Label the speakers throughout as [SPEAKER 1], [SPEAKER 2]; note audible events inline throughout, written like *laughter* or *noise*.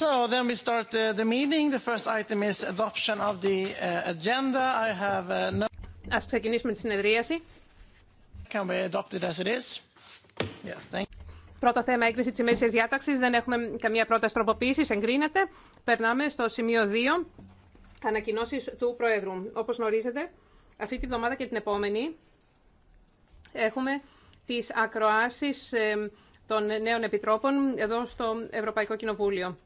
[SPEAKER 1] So then we start uh, the meeting. The first item is adoption of the uh, agenda. I have uh, no... Ας ξεκινήσουμε τη συνεδρίαση. Can we adopt it as is? Yes, thank you. Πρώτο θέμα έγκριση της ημέρησιας διάταξης. Δεν έχουμε καμία πρόταση τροποποίησης. Εγκρίνεται. Περνάμε στο σημείο 2. Ανακοινώσεις του Προέδρου. Όπως γνωρίζετε, αυτή τη βδομάδα και την επόμενη έχουμε τις ακροάσεις των νέων επιτρόπων εδώ στο Ευρωπαϊκό Κοινοβούλιο.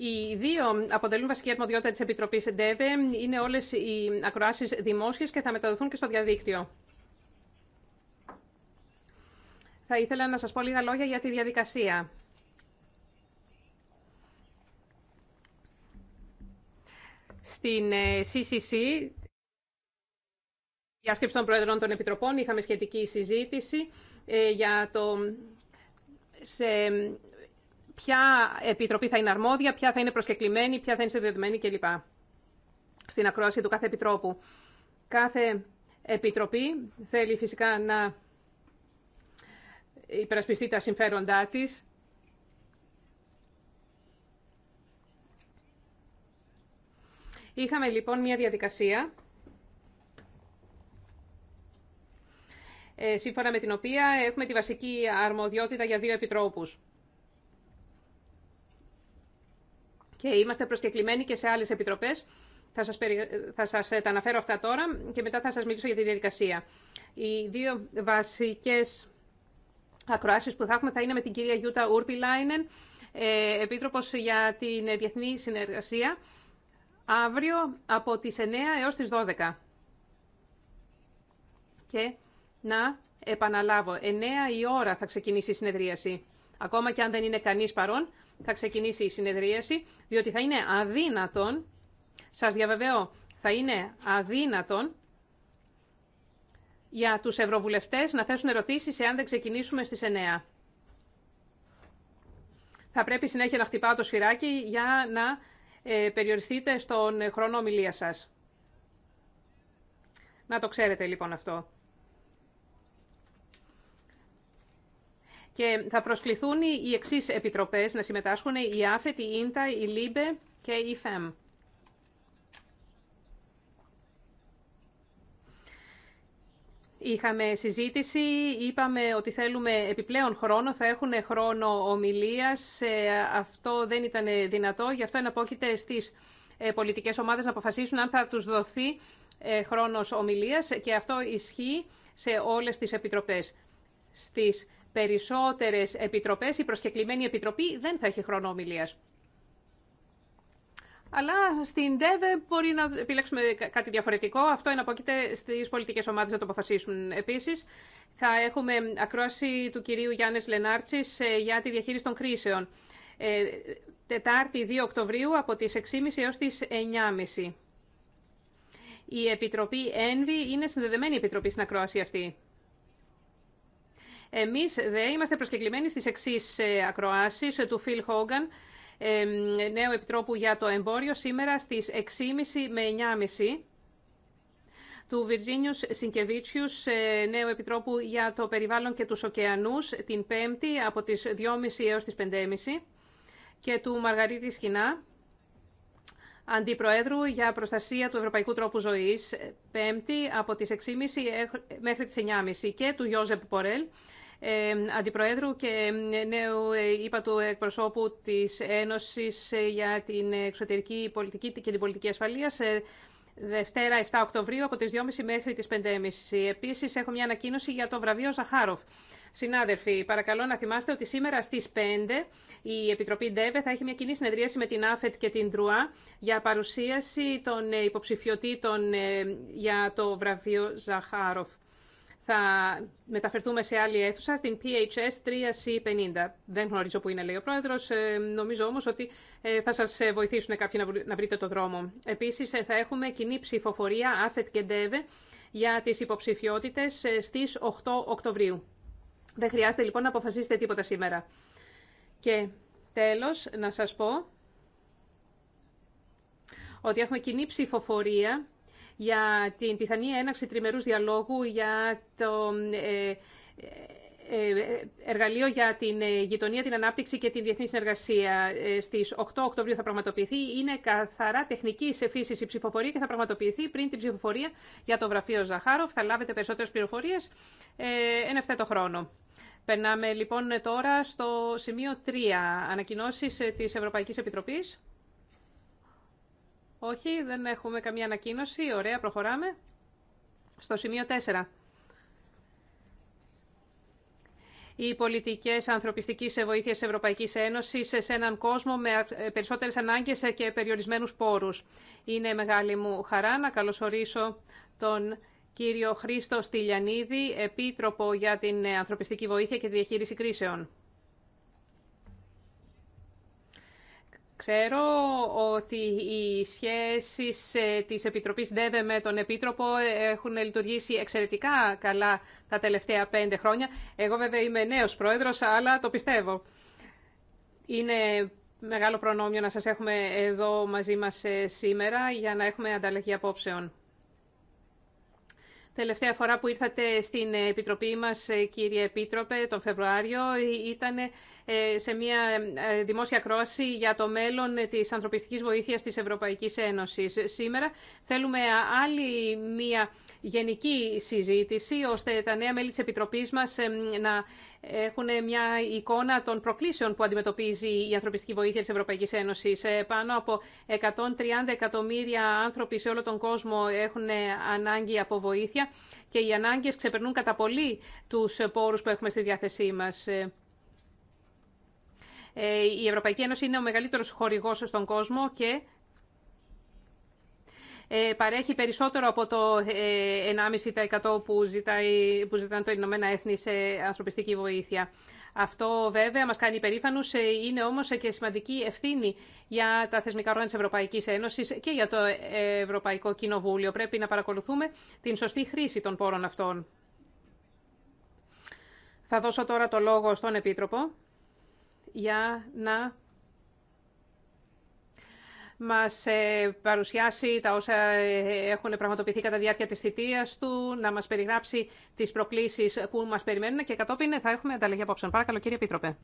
[SPEAKER 1] Οι δύο αποτελούν βασική αρμοδιότητα της Επιτροπής ΕΝΤΕΒΕ. Είναι όλες οι ακροάσεις δημόσιες και θα μεταδοθούν και στο διαδίκτυο. Θα ήθελα να σα πω λίγα λόγια για τη διαδικασία. Στην CCC, ε, διάσκεψη των Πρόεδρων των Επιτροπών, είχαμε σχετική συζήτηση ε, για το σε ποια επιτροπή θα είναι αρμόδια, ποια θα είναι προσκεκλημένη, ποια θα είναι συνδεδεμένη κλπ. Στην ακρόαση του κάθε επιτρόπου. Κάθε επιτροπή θέλει φυσικά να υπερασπιστεί τα συμφέροντά της. Είχαμε λοιπόν μια διαδικασία ε, σύμφωνα με την οποία έχουμε τη βασική αρμοδιότητα για δύο επιτρόπους. και είμαστε προσκεκλημένοι και σε άλλε επιτροπέ. Θα σα περι... σας ε, τα αναφέρω αυτά τώρα και μετά θα σα μιλήσω για τη διαδικασία. Οι δύο βασικέ ακροάσεις που θα έχουμε θα είναι με την κυρία Γιούτα Λάινεν, ε, επίτροπο για την Διεθνή Συνεργασία, αύριο από τι 9 έω τι 12. Και να επαναλάβω, 9 η ώρα θα ξεκινήσει η συνεδρίαση. Ακόμα και αν δεν είναι κανείς παρόν, θα ξεκινήσει η συνεδρίαση, διότι θα είναι αδύνατον, σας διαβεβαιώ, θα είναι αδύνατον για τους ευρωβουλευτές να θέσουν ερωτήσεις εάν δεν ξεκινήσουμε στις 9. Θα πρέπει συνέχεια να χτυπάω το σφυράκι για να ε, περιοριστείτε στον χρόνο ομιλία σας. Να το ξέρετε λοιπόν αυτό. Και θα προσκληθούν οι εξή επιτροπές να συμμετάσχουν η ΑΦΕΤ, η ΙΝΤΑ, η ΛΥΜΠΕ και η ΦΕΜ. Είχαμε συζήτηση, είπαμε ότι θέλουμε επιπλέον χρόνο, θα έχουν χρόνο ομιλίας, ε, αυτό δεν ήταν δυνατό, γι' αυτό εναπόκειται στις ε, πολιτικές ομάδες να αποφασίσουν αν θα τους δοθεί ε, χρόνος ομιλίας και αυτό ισχύει σε όλες τις επιτροπές. Στις περισσότερες επιτροπές, η προσκεκλημένη επιτροπή δεν θα έχει χρόνο ομιλίας. Αλλά στην ΤΕΒΕ μπορεί να επιλέξουμε κάτι διαφορετικό. Αυτό εναπόκειται στι πολιτικέ ομάδε να το αποφασίσουν. Επίση, θα έχουμε ακρόαση του κυρίου Γιάννη Λενάρτση ε, για τη διαχείριση των κρίσεων. Ε, Τετάρτη 2 Οκτωβρίου από τις 6.30 έως τις 9.30. Η Επιτροπή ΕΝΒΗ είναι συνδεδεμένη επιτροπή στην ακρόαση αυτή. Εμεί δε είμαστε προσκεκλημένοι στις εξή ε, ακροάσει, ε, του Φιλ Χόγκαν, ε, νέου Επιτρόπου για το Εμπόριο, σήμερα στι 6.30 με 9.30 του Βιρτζίνιους Σινκεβίτσιους, νέου Επιτρόπου για το Περιβάλλον και τους Οκεανούς, την 5η από τις 2.30 έως τις 5.30 και του Μαργαρίτη Σχοινά, Αντιπροέδρου για Προστασία του Ευρωπαϊκού Τρόπου Ζωής, 5η από τις 6.30 μέχρι τις 9.30 και του Γιώζεπ Πορέλ, ε, αντιπροέδρου και ε, νέου ε, είπα του εκπροσώπου της Ένωσης για την εξωτερική πολιτική και την πολιτική ασφαλείας Δευτέρα 7 Οκτωβρίου από τις 2.30 μέχρι τις 5.30. Επίσης έχω μια ανακοίνωση για το βραβείο Ζαχάροφ. Συνάδελφοι, παρακαλώ να θυμάστε ότι σήμερα στις 5 η Επιτροπή ΝΤΕΒΕ θα έχει μια κοινή συνεδρίαση με την ΑΦΕΤ και την ΤΡΟΑ για παρουσίαση των υποψηφιωτήτων για το βραβείο Ζαχάροφ θα μεταφερθούμε σε άλλη αίθουσα, στην PHS 3C50. Δεν γνωρίζω που είναι, λέει ο πρόεδρο. Ε, νομίζω όμω ότι ε, θα σα ε, βοηθήσουν κάποιοι να βρείτε το δρόμο. Επίση, θα έχουμε κοινή ψηφοφορία, ΑΦΕΤ και ΝΤΕΒΕ, για τι υποψηφιότητε στι 8 Οκτωβρίου. Δεν χρειάζεται λοιπόν να αποφασίσετε τίποτα σήμερα. Και τέλος, να σας πω ότι έχουμε κοινή ψηφοφορία για την πιθανή έναξη τριμερούς διαλόγου για το ε, ε, ε, εργαλείο για την γειτονία, την ανάπτυξη και την διεθνή συνεργασία στις 8 Οκτωβρίου θα πραγματοποιηθεί. Είναι καθαρά τεχνική σε φύση η ψηφοφορία και θα πραγματοποιηθεί πριν την ψηφοφορία για το βραφείο Ζαχάροφ. Θα λάβετε περισσότερες πληροφορίες ε, εν ευθέτω χρόνο. Περνάμε λοιπόν τώρα στο σημείο 3, ανακοινώσεις της Ευρωπαϊκής Επιτροπής. Όχι, δεν έχουμε καμία ανακοίνωση. Ωραία, προχωράμε. Στο σημείο 4. Οι πολιτικέ ανθρωπιστική βοήθεια Ευρωπαϊκή Ένωση σε έναν κόσμο με ε, περισσότερε ανάγκε και περιορισμένου πόρου. Είναι μεγάλη μου χαρά να καλωσορίσω τον κύριο Χρήστο Στυλιανίδη, Επίτροπο για την Ανθρωπιστική Βοήθεια και τη Διαχείριση Κρίσεων. Ξέρω ότι οι σχέσεις ε, της Επιτροπής ΔΕΒΕ με τον Επίτροπο έχουν λειτουργήσει εξαιρετικά καλά τα τελευταία πέντε χρόνια. Εγώ βέβαια είμαι νέος πρόεδρος, αλλά το πιστεύω. Είναι μεγάλο προνόμιο να σας έχουμε εδώ μαζί μας ε, σήμερα για να έχουμε ανταλλαγή απόψεων. Τελευταία φορά που ήρθατε στην Επιτροπή μας, ε, κύριε Επίτροπε, τον Φεβρουάριο, ήταν ε, σε μια ε, ε, δημόσια κρόαση για το μέλλον της ανθρωπιστικής βοήθειας της Ευρωπαϊκής Ένωσης. Σήμερα θέλουμε άλλη μια γενική συζήτηση, ώστε τα νέα μέλη της Επιτροπής μας να έχουν μια εικόνα των προκλήσεων που αντιμετωπίζει η ανθρωπιστική βοήθεια της Ευρωπαϊκής Ένωσης. Πάνω από 130 εκατομμύρια άνθρωποι σε όλο τον κόσμο έχουν ανάγκη από βοήθεια και οι ανάγκες ξεπερνούν κατά πολύ τους πόρους που έχουμε στη διάθεσή μας. Ε, η Ευρωπαϊκή Ένωση είναι ο μεγαλύτερος χορηγός στον κόσμο και ε, παρέχει περισσότερο από το 1,5% ε, που, που ζητάνε το Ηνωμένα Έθνη σε ανθρωπιστική βοήθεια. Αυτό βέβαια μας κάνει υπερήφανους, είναι όμως και σημαντική ευθύνη για τα θεσμικά όργανα της Ευρωπαϊκής Ένωσης και για το Ευρωπαϊκό Κοινοβούλιο. Πρέπει να παρακολουθούμε την σωστή χρήση των πόρων αυτών. Θα δώσω τώρα το λόγο στον Επίτροπο για να μας ε, παρουσιάσει τα όσα ε, έχουν πραγματοποιηθεί κατά διάρκεια της θητείας του, να μας περιγράψει τις προκλήσεις που μας περιμένουν και κατόπιν θα έχουμε ανταλλαγή απόψεων. Παρακαλώ κύριε Επίτροπε.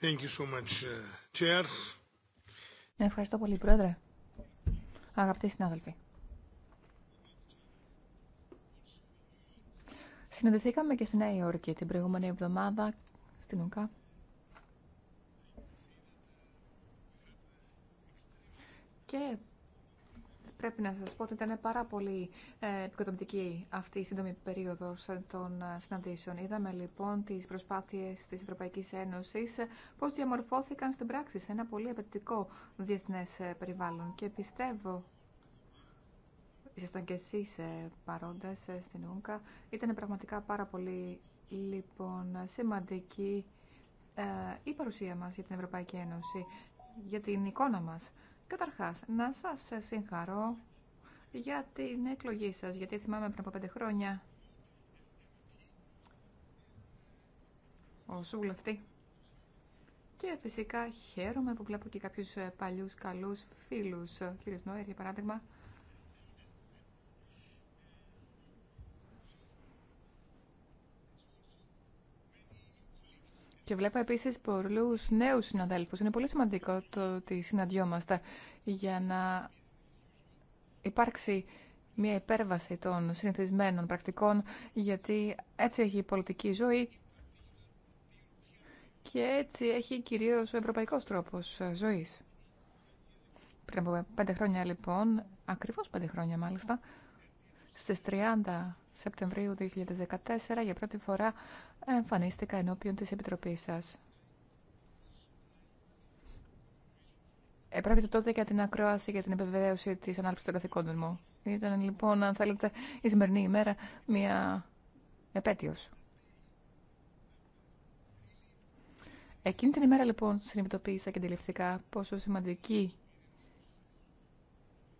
[SPEAKER 2] Thank you so much, ε, Chair.
[SPEAKER 3] Ευχαριστώ πολύ Πρόεδρε. Αγαπητοί συνάδελφοι. Συναντηθήκαμε και στην Νέα Υόρκη την προηγούμενη εβδομάδα στην ΟΚΑ Και πρέπει να σας πω ότι ήταν πάρα πολύ ε, επικοδομητική αυτή η σύντομη περίοδος των ε, συναντήσεων. Είδαμε λοιπόν τις προσπάθειες της Ευρωπαϊκής Ένωσης ε, πώς διαμορφώθηκαν στην πράξη σε ένα πολύ απαιτητικό διεθνές περιβάλλον. Και πιστεύω ήσασταν και εσείς παρόντες στην ΟΥΝΚΑ. Ήταν πραγματικά πάρα πολύ λοιπόν, σημαντική η παρουσία μας για την Ευρωπαϊκή Ένωση, για την εικόνα μας Καταρχάς, να σας συγχαρώ για την εκλογή σας, γιατί θυμάμαι πριν από πέντε χρόνια Ο βουλευτή. Και φυσικά χαίρομαι που βλέπω και κάποιους ε, παλιούς καλούς φίλους, Κύριε Σνόερ, για παράδειγμα, Και βλέπω επίση πολλού νέου συναδέλφου. Είναι πολύ σημαντικό το ότι συναντιόμαστε για να υπάρξει μια υπέρβαση των συνηθισμένων πρακτικών, γιατί έτσι έχει η πολιτική ζωή και έτσι έχει κυρίως ο ευρωπαϊκός τρόπος ζωής. Πριν από πέντε χρόνια λοιπόν, ακριβώς πέντε χρόνια μάλιστα, στις 30 Σεπτεμβρίου 2014 για πρώτη φορά εμφανίστηκα ενώπιον της Επιτροπής σας. Επρόκειται τότε για την ακρόαση για την επιβεβαίωση της ανάλυσης των καθηκόντων μου. Ήταν λοιπόν, αν θέλετε, η σημερινή ημέρα μια επέτειος. Εκείνη την ημέρα λοιπόν συνειδητοποίησα και αντιληφθήκα πόσο σημαντική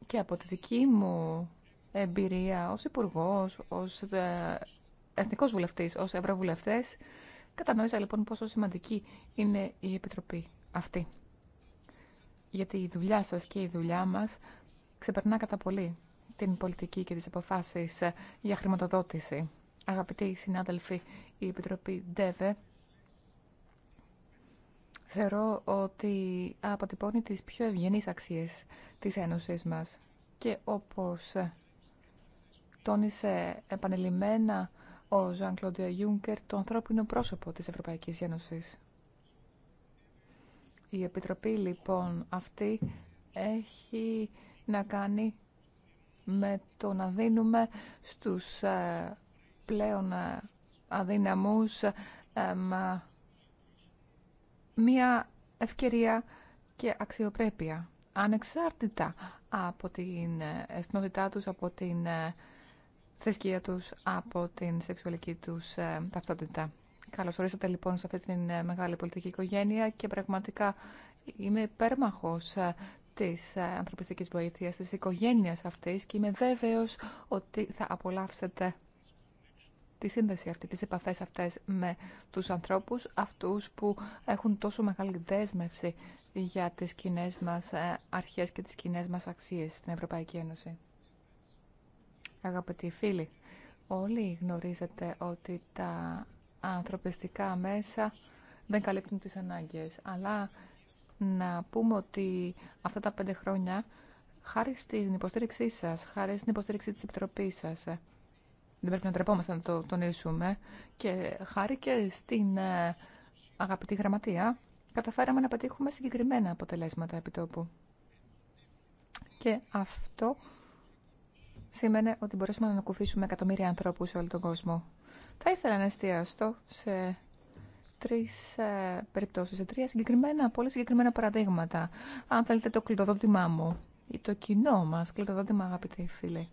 [SPEAKER 3] και από τη δική μου εμπειρία ως υπουργό, ως ε, εθνικός βουλευτής, ως ευρωβουλευτές. Κατανόησα λοιπόν πόσο σημαντική είναι η Επιτροπή αυτή. Γιατί η δουλειά σας και η δουλειά μας ξεπερνά κατά πολύ την πολιτική και τις αποφάσεις για χρηματοδότηση. Αγαπητοί συνάδελφοι, η Επιτροπή ΔΕΒΕ θεωρώ ότι αποτυπώνει τις πιο ευγενείς αξίες της Ένωσης μας και όπως τόνισε επανελειμμένα ο Ζαν Κλοντία το ανθρώπινο πρόσωπο της Ευρωπαϊκής Ένωση. Η Επιτροπή λοιπόν αυτή έχει να κάνει με το να δίνουμε στους ε, πλέον ε, αδύναμους ε, μία ευκαιρία και αξιοπρέπεια, ανεξάρτητα από την εθνότητά τους, από την σκία τους από την σεξουαλική τους ε, ταυτότητα. Καλώς ορίσατε λοιπόν σε αυτή την ε, μεγάλη πολιτική οικογένεια και πραγματικά είμαι υπέρμαχος ε, της ανθρωπιστικής βοήθειας της οικογένειας αυτής και είμαι βέβαιος ότι θα απολαύσετε τη σύνδεση αυτή, τις επαφές αυτές με τους ανθρώπους αυτούς που έχουν τόσο μεγάλη δέσμευση για τις κοινέ μας αρχές και τις κοινέ μας αξίες στην Ευρωπαϊκή Ένωση αγαπητοί φίλοι. Όλοι γνωρίζετε ότι τα ανθρωπιστικά μέσα δεν καλύπτουν τις ανάγκες. Αλλά να πούμε ότι αυτά τα πέντε χρόνια, χάρη στην υποστήριξή σας, χάρη στην υποστήριξη της Επιτροπής σας, ε, δεν πρέπει να τρεπόμαστε να το τονίσουμε, και χάρη και στην ε, αγαπητή γραμματεία, καταφέραμε να πετύχουμε συγκεκριμένα αποτελέσματα επιτόπου. Και αυτό σήμαινε ότι μπορέσουμε να ανακουφίσουμε εκατομμύρια ανθρώπους σε όλο τον κόσμο. Θα ήθελα να εστιαστώ σε τρεις ε, περιπτώσεις, σε τρία συγκεκριμένα, πολύ συγκεκριμένα παραδείγματα. Αν θέλετε το κλειδοδότημά μου ή το κοινό μας κλειδοδότημα, αγαπητοί φίλοι.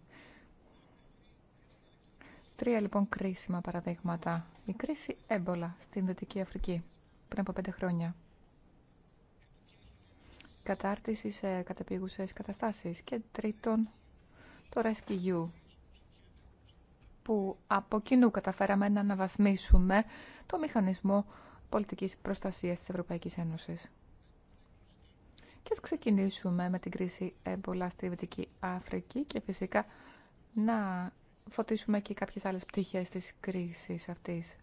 [SPEAKER 3] Τρία λοιπόν κρίσιμα παραδείγματα. Η κρίση έμπολα στην Δυτική Αφρική πριν από πέντε χρόνια. Κατάρτιση σε κατεπίγουσες καταστάσεις και τρίτον το Rescue που από κοινού καταφέραμε να αναβαθμίσουμε το μηχανισμό πολιτικής προστασίας της Ευρωπαϊκής Ένωσης. Και ας ξεκινήσουμε με την κρίση έμπολα στη Αφρική και φυσικά να φωτίσουμε και κάποιες άλλες πτυχές της κρίσης αυτής.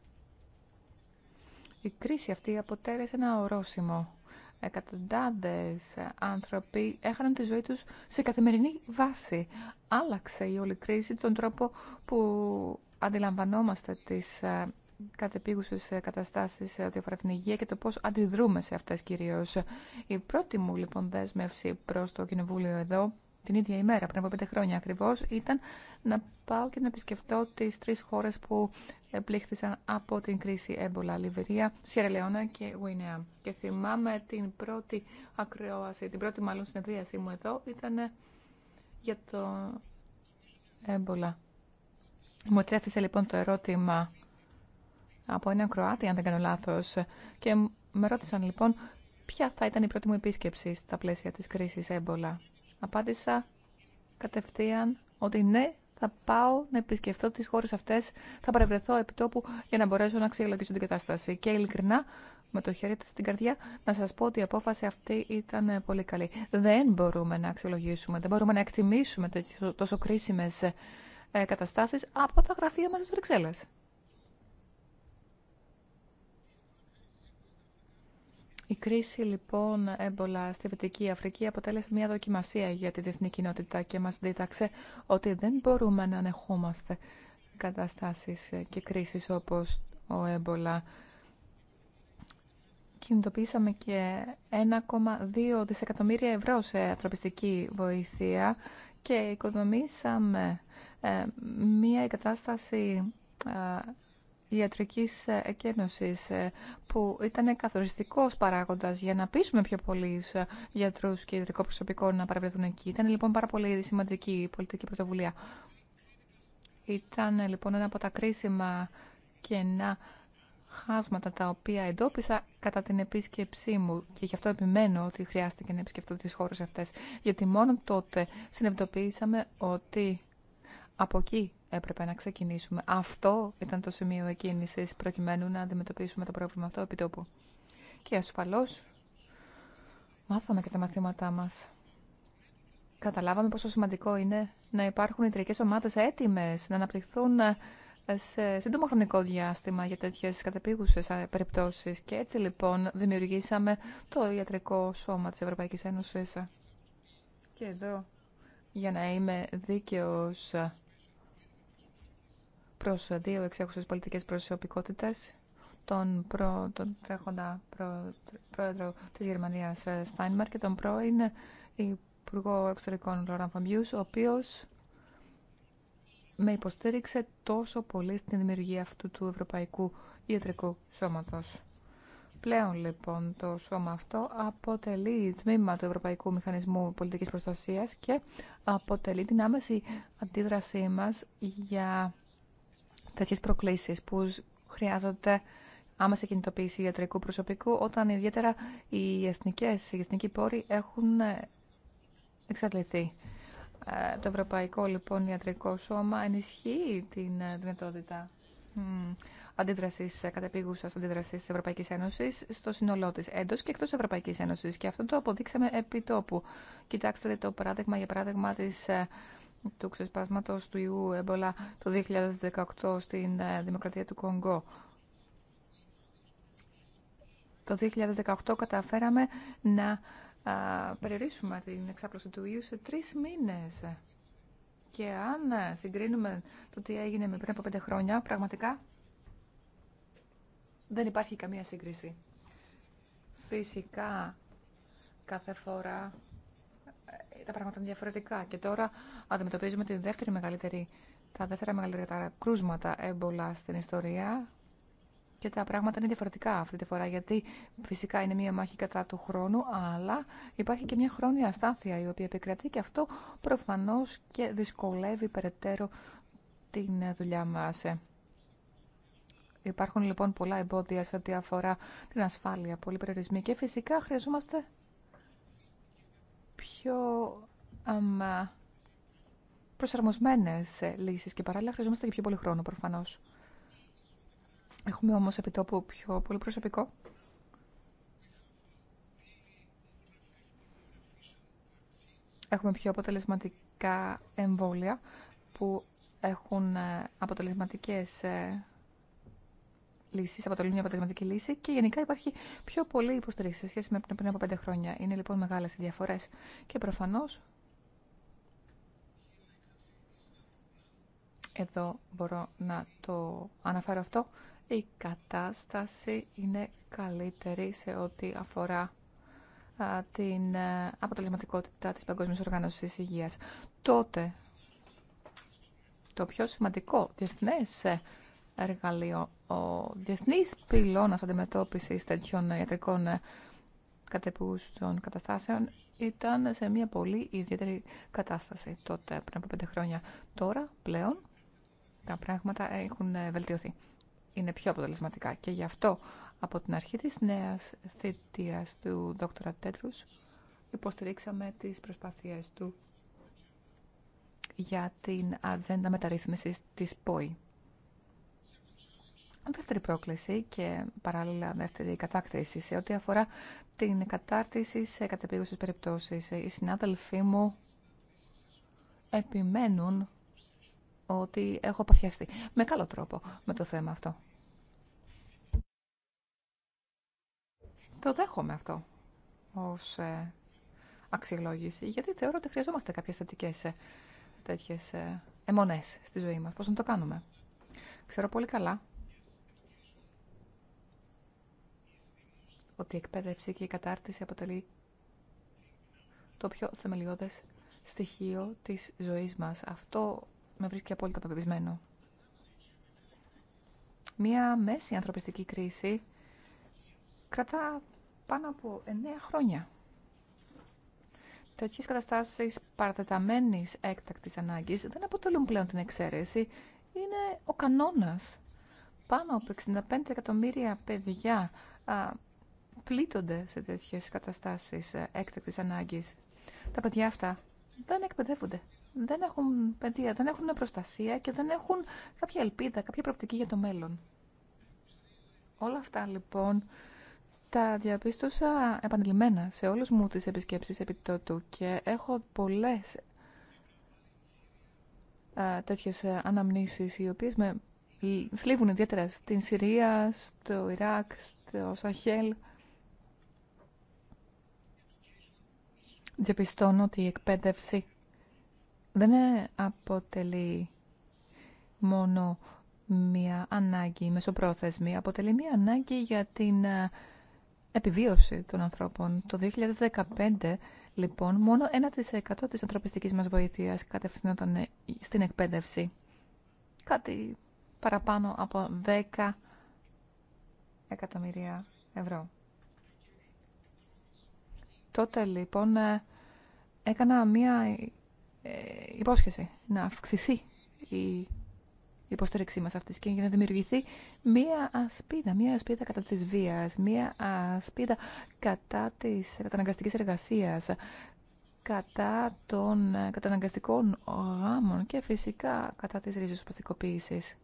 [SPEAKER 3] Η κρίση αυτή αποτέλεσε ένα ορόσημο εκατοντάδες άνθρωποι έχαναν τη ζωή τους σε καθημερινή βάση. Άλλαξε η όλη κρίση τον τρόπο που αντιλαμβανόμαστε τις ε, κατεπίγουσες ε, καταστάσεις σε ό,τι αφορά την υγεία και το πώς αντιδρούμε σε αυτές κυρίως. Η πρώτη μου λοιπόν δέσμευση προς το Κοινοβούλιο εδώ την ίδια ημέρα, πριν από πέντε χρόνια ακριβώς, ήταν να πάω και να επισκεφτώ τις τρεις χώρες που πλήχθησαν από την κρίση έμπολα, Λιβερία, Σιερελεώνα και Γουινέα. Και θυμάμαι την πρώτη ακρόαση, την πρώτη μάλλον συνεδρίασή μου εδώ ήταν για το έμπολα. Μου τρέφησε λοιπόν το ερώτημα από έναν Κροάτη, αν δεν κάνω λάθος, και με ρώτησαν λοιπόν ποια θα ήταν η πρώτη μου επίσκεψη στα πλαίσια της κρίσης έμπολα. Απάντησα κατευθείαν ότι ναι, θα πάω να επισκεφθώ τις χώρες αυτές, θα παρευρεθώ επί τόπου για να μπορέσω να αξιολογήσω την κατάσταση. Και ειλικρινά, με το χέρι στην καρδιά, να σας πω ότι η απόφαση αυτή ήταν ε, πολύ καλή. Δεν μπορούμε να αξιολογήσουμε, δεν μπορούμε να εκτιμήσουμε τόσο κρίσιμες ε, καταστάσεις από τα γραφεία μας στις Βρυξέλλες. Η κρίση λοιπόν έμπολα στη Βετική Αφρική αποτέλεσε μια δοκιμασία για τη διεθνή κοινότητα και μας δίταξε ότι δεν μπορούμε να ανεχόμαστε καταστάσεις και κρίσεις όπως ο έμπολα. Κινητοποίησαμε και 1,2 δισεκατομμύρια ευρώ σε ανθρωπιστική βοήθεια και οικοδομήσαμε ε, μια εγκατάσταση ε, ιατρικής ε, εκένωσης ε, που ήταν καθοριστικός παράγοντας για να πείσουμε πιο πολλοί ε, γιατρούς και ιατρικό προσωπικό να παρευρεθούν εκεί. Ήταν λοιπόν πάρα πολύ σημαντική η πολιτική πρωτοβουλία. Ήταν λοιπόν ένα από τα κρίσιμα κενά χάσματα τα οποία εντόπισα κατά την επίσκεψή μου και γι' αυτό επιμένω ότι χρειάστηκε να επισκεφτώ τις χώρες αυτές γιατί μόνο τότε συνειδητοποιήσαμε ότι από εκεί έπρεπε να ξεκινήσουμε. Αυτό ήταν το σημείο εκκίνηση προκειμένου να αντιμετωπίσουμε το πρόβλημα αυτό επί τόπου. Και ασφαλώς μάθαμε και τα μαθήματά μας. Καταλάβαμε πόσο σημαντικό είναι να υπάρχουν ιδρικέ ομάδε έτοιμε, να αναπτυχθούν ε, σε σύντομο χρονικό διάστημα για τέτοιες κατεπίγουσες ε, περιπτώσει. Και έτσι λοιπόν δημιουργήσαμε το Ιατρικό Σώμα τη Ευρωπαϊκή Ένωση. Και εδώ, για να είμαι δίκαιος, προς δύο εξέχουσες πολιτικές προσωπικότητες, τον, προ, τον τρέχοντα πρόεδρο της Γερμανίας Στάινμαρ ε, και τον πρώην Υπουργό Εξωτερικών Λοράν Φαμπιούς, ο οποίος με υποστήριξε τόσο πολύ στην δημιουργία αυτού του Ευρωπαϊκού Ιατρικού Σώματος. Πλέον λοιπόν το σώμα αυτό αποτελεί τμήμα του Ευρωπαϊκού Μηχανισμού Πολιτικής Προστασίας και αποτελεί την άμεση αντίδρασή μας για τέτοιες προκλήσει που χρειάζονται άμεσα κινητοποίηση ιατρικού προσωπικού όταν ιδιαίτερα οι εθνικές, οι εθνικοί πόροι έχουν ε, εξαντληθεί. Ε, το Ευρωπαϊκό λοιπόν Ιατρικό Σώμα ενισχύει την ε, δυνατότητα αντίδραση, κατεπίγουσα αντίδραση τη Ευρωπαϊκή Ένωση στο σύνολό τη, εντό και εκτό Ευρωπαϊκή Ένωση. Και αυτό το αποδείξαμε επί τόπου. Κοιτάξτε το παράδειγμα, για παράδειγμα, τη του ξεσπάσματος του ιού έμπολα το 2018 στην ε, Δημοκρατία του Κονγκό. Το 2018 καταφέραμε να περιορίσουμε την εξάπλωση του ιού σε τρεις μήνες. Και αν ε, συγκρίνουμε το τι έγινε με πριν από πέντε χρόνια, πραγματικά δεν υπάρχει καμία σύγκριση. Φυσικά, κάθε φορά τα πράγματα είναι διαφορετικά. Και τώρα αντιμετωπίζουμε τη δεύτερη μεγαλύτερη, τα δεύτερα μεγαλύτερα κρούσματα έμπολα στην ιστορία και τα πράγματα είναι διαφορετικά αυτή τη φορά γιατί φυσικά είναι μία μάχη κατά του χρόνου αλλά υπάρχει και μία χρόνια αστάθεια η οποία επικρατεί και αυτό προφανώς και δυσκολεύει περαιτέρω την δουλειά μας. Υπάρχουν λοιπόν πολλά εμπόδια σε ό,τι αφορά την ασφάλεια, πολλοί περιορισμοί και φυσικά χρειαζόμαστε πιο αμα, προσαρμοσμένες ε, λύσεις και παράλληλα χρειαζόμαστε και πιο πολύ χρόνο προφανώς. Έχουμε όμως επιτόπου πιο πολύ προσωπικό. Έχουμε πιο αποτελεσματικά εμβόλια που έχουν ε, αποτελεσματικές ε, λύσεις αποτελούν μια αποτελεσματική λύση και γενικά υπάρχει πιο πολύ υποστήριξη σε σχέση με πριν από πέντε χρόνια. Είναι λοιπόν μεγάλε οι διαφορές και προφανώ, εδώ μπορώ να το αναφέρω αυτό, η κατάσταση είναι καλύτερη σε ό,τι αφορά την ε, αποτελεσματικότητα της Παγκόσμιας Οργάνωσης Υγείας. Τότε, το πιο σημαντικό διεθνές ε, εργαλείο. Ο διεθνής πυλώνας αντιμετώπιση τέτοιων ιατρικών κατεπούσεων καταστάσεων ήταν σε μια πολύ ιδιαίτερη κατάσταση τότε, πριν από πέντε χρόνια. Τώρα, πλέον, τα πράγματα έχουν βελτιωθεί. Είναι πιο αποτελεσματικά και γι' αυτό από την αρχή της νέας θητείας του Δ. Τέτρους υποστηρίξαμε τις προσπάθειές του για την ατζέντα μεταρρύθμισης της ΠΟΗ. Δεύτερη πρόκληση και παράλληλα δεύτερη κατάκτηση σε ό,τι αφορά την κατάρτιση σε κατεπίγουσες περιπτώσεις. Οι συνάδελφοί μου επιμένουν ότι έχω παθιαστεί με καλό τρόπο με το θέμα αυτό. Το δέχομαι αυτό ως ε, αξιολόγηση, γιατί θεωρώ ότι χρειαζόμαστε κάποιες θετικές ε, τέτοιες ε, στη ζωή μας. Πώς να το κάνουμε. Ξέρω πολύ καλά ότι η εκπαίδευση και η κατάρτιση αποτελεί το πιο θεμελιώδες στοιχείο της ζωής μας. Αυτό με βρίσκει απόλυτα πεπισμένο. Μία μέση ανθρωπιστική κρίση κρατά πάνω από εννέα χρόνια. Τέτοιες καταστάσεις παρατεταμένης έκτακτης ανάγκης δεν αποτελούν πλέον την εξαίρεση, είναι ο κανόνας. Πάνω από 65 εκατομμύρια παιδιά πλήττονται σε τέτοιες καταστάσεις ε, έκτακτης ανάγκης. Τα παιδιά αυτά δεν εκπαιδεύονται. Δεν έχουν παιδεία, δεν έχουν προστασία και δεν έχουν κάποια ελπίδα, κάποια προοπτική για το μέλλον. Όλα αυτά λοιπόν τα διαπίστωσα επανειλημμένα σε όλους μου τις επισκέψεις επί τότου και έχω πολλές α, ε, τέτοιες ε, αναμνήσεις οι οποίες με θλίβουν ιδιαίτερα στην Συρία, στο Ιράκ, στο Σαχέλ διαπιστώνω ότι η εκπαίδευση δεν ε, αποτελεί μόνο μία ανάγκη μεσοπρόθεσμη, αποτελεί μία ανάγκη για την ε, επιβίωση των ανθρώπων. Το 2015, λοιπόν, μόνο 1% της ανθρωπιστικής μας βοήθειας κατευθυνόταν ε, στην εκπαίδευση. Κάτι παραπάνω από 10 εκατομμύρια ευρώ. Τότε λοιπόν ε, έκανα μία ε, υπόσχεση να αυξηθεί η υποστήριξή μας αυτής και για να δημιουργηθεί μία ασπίδα, μία ασπίδα κατά της βίας, μία ασπίδα κατά της καταναγκαστικής εργασίας, κατά των ε, καταναγκαστικών γάμων και φυσικά κατά της ριζοσπαστικοποίησης.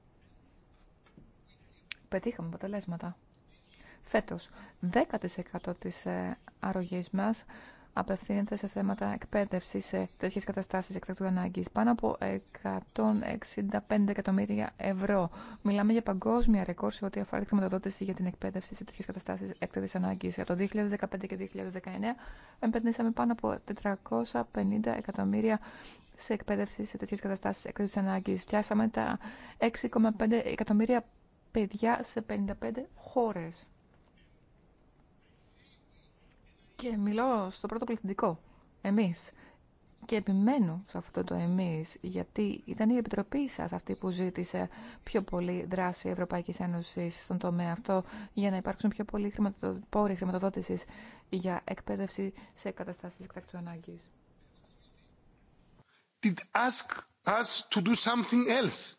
[SPEAKER 3] Πετύχαμε αποτελέσματα. Φέτος, 10% της ε, αρρωγής μας απευθύνεται σε θέματα εκπαίδευση σε τέτοιε καταστάσει εκτακτού ανάγκη. Πάνω από 165 εκατομμύρια ευρώ. Μιλάμε για παγκόσμια ρεκόρ σε ό,τι αφορά τη χρηματοδότηση για την εκπαίδευση σε τέτοιε καταστάσει εκτακτού ανάγκη. Από το 2015 και 2019 επενδύσαμε πάνω από 450 εκατομμύρια σε εκπαίδευση σε τέτοιε καταστάσει εκτακτού ανάγκη. Πιάσαμε τα 6,5 εκατομμύρια παιδιά σε 55 χώρες. Και μιλώ στο πρώτο πληθυντικό. Εμείς. Και επιμένω σε αυτό το εμείς, γιατί ήταν η Επιτροπή σας αυτή που ζήτησε πιο πολύ δράση Ευρωπαϊκής Ένωσης στον τομέα αυτό για να υπάρξουν πιο πολλοί πόροι χρηματοδότησης για εκπαίδευση σε καταστάσεις εκτακτού ανάγκης.
[SPEAKER 1] ask us to do something else,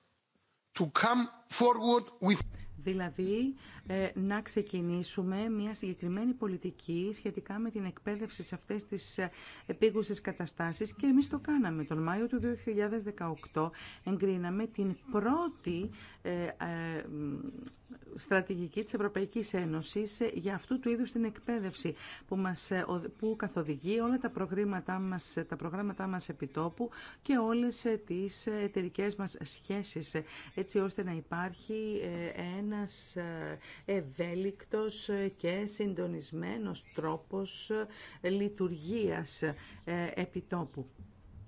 [SPEAKER 1] to come forward
[SPEAKER 2] with... Δηλαδή, ε, να ξεκινήσουμε μια συγκεκριμένη πολιτική σχετικά με την εκπαίδευση σε αυτές τις ε, επίγουσες καταστάσεις και εμείς το κάναμε. Τον Μάιο του 2018 εγκρίναμε την πρώτη ε, στρατηγική της Ευρωπαϊκής Ένωσης για αυτού του είδους την εκπαίδευση που, μας, που καθοδηγεί όλα τα προγράμματά μας, τα προγράμματά μας επιτόπου και όλες τις εταιρικές μας σχέσεις έτσι ώστε να υπάρχει ένας ευέλικτος και συντονισμένος τρόπος λειτουργίας ε, επιτόπου.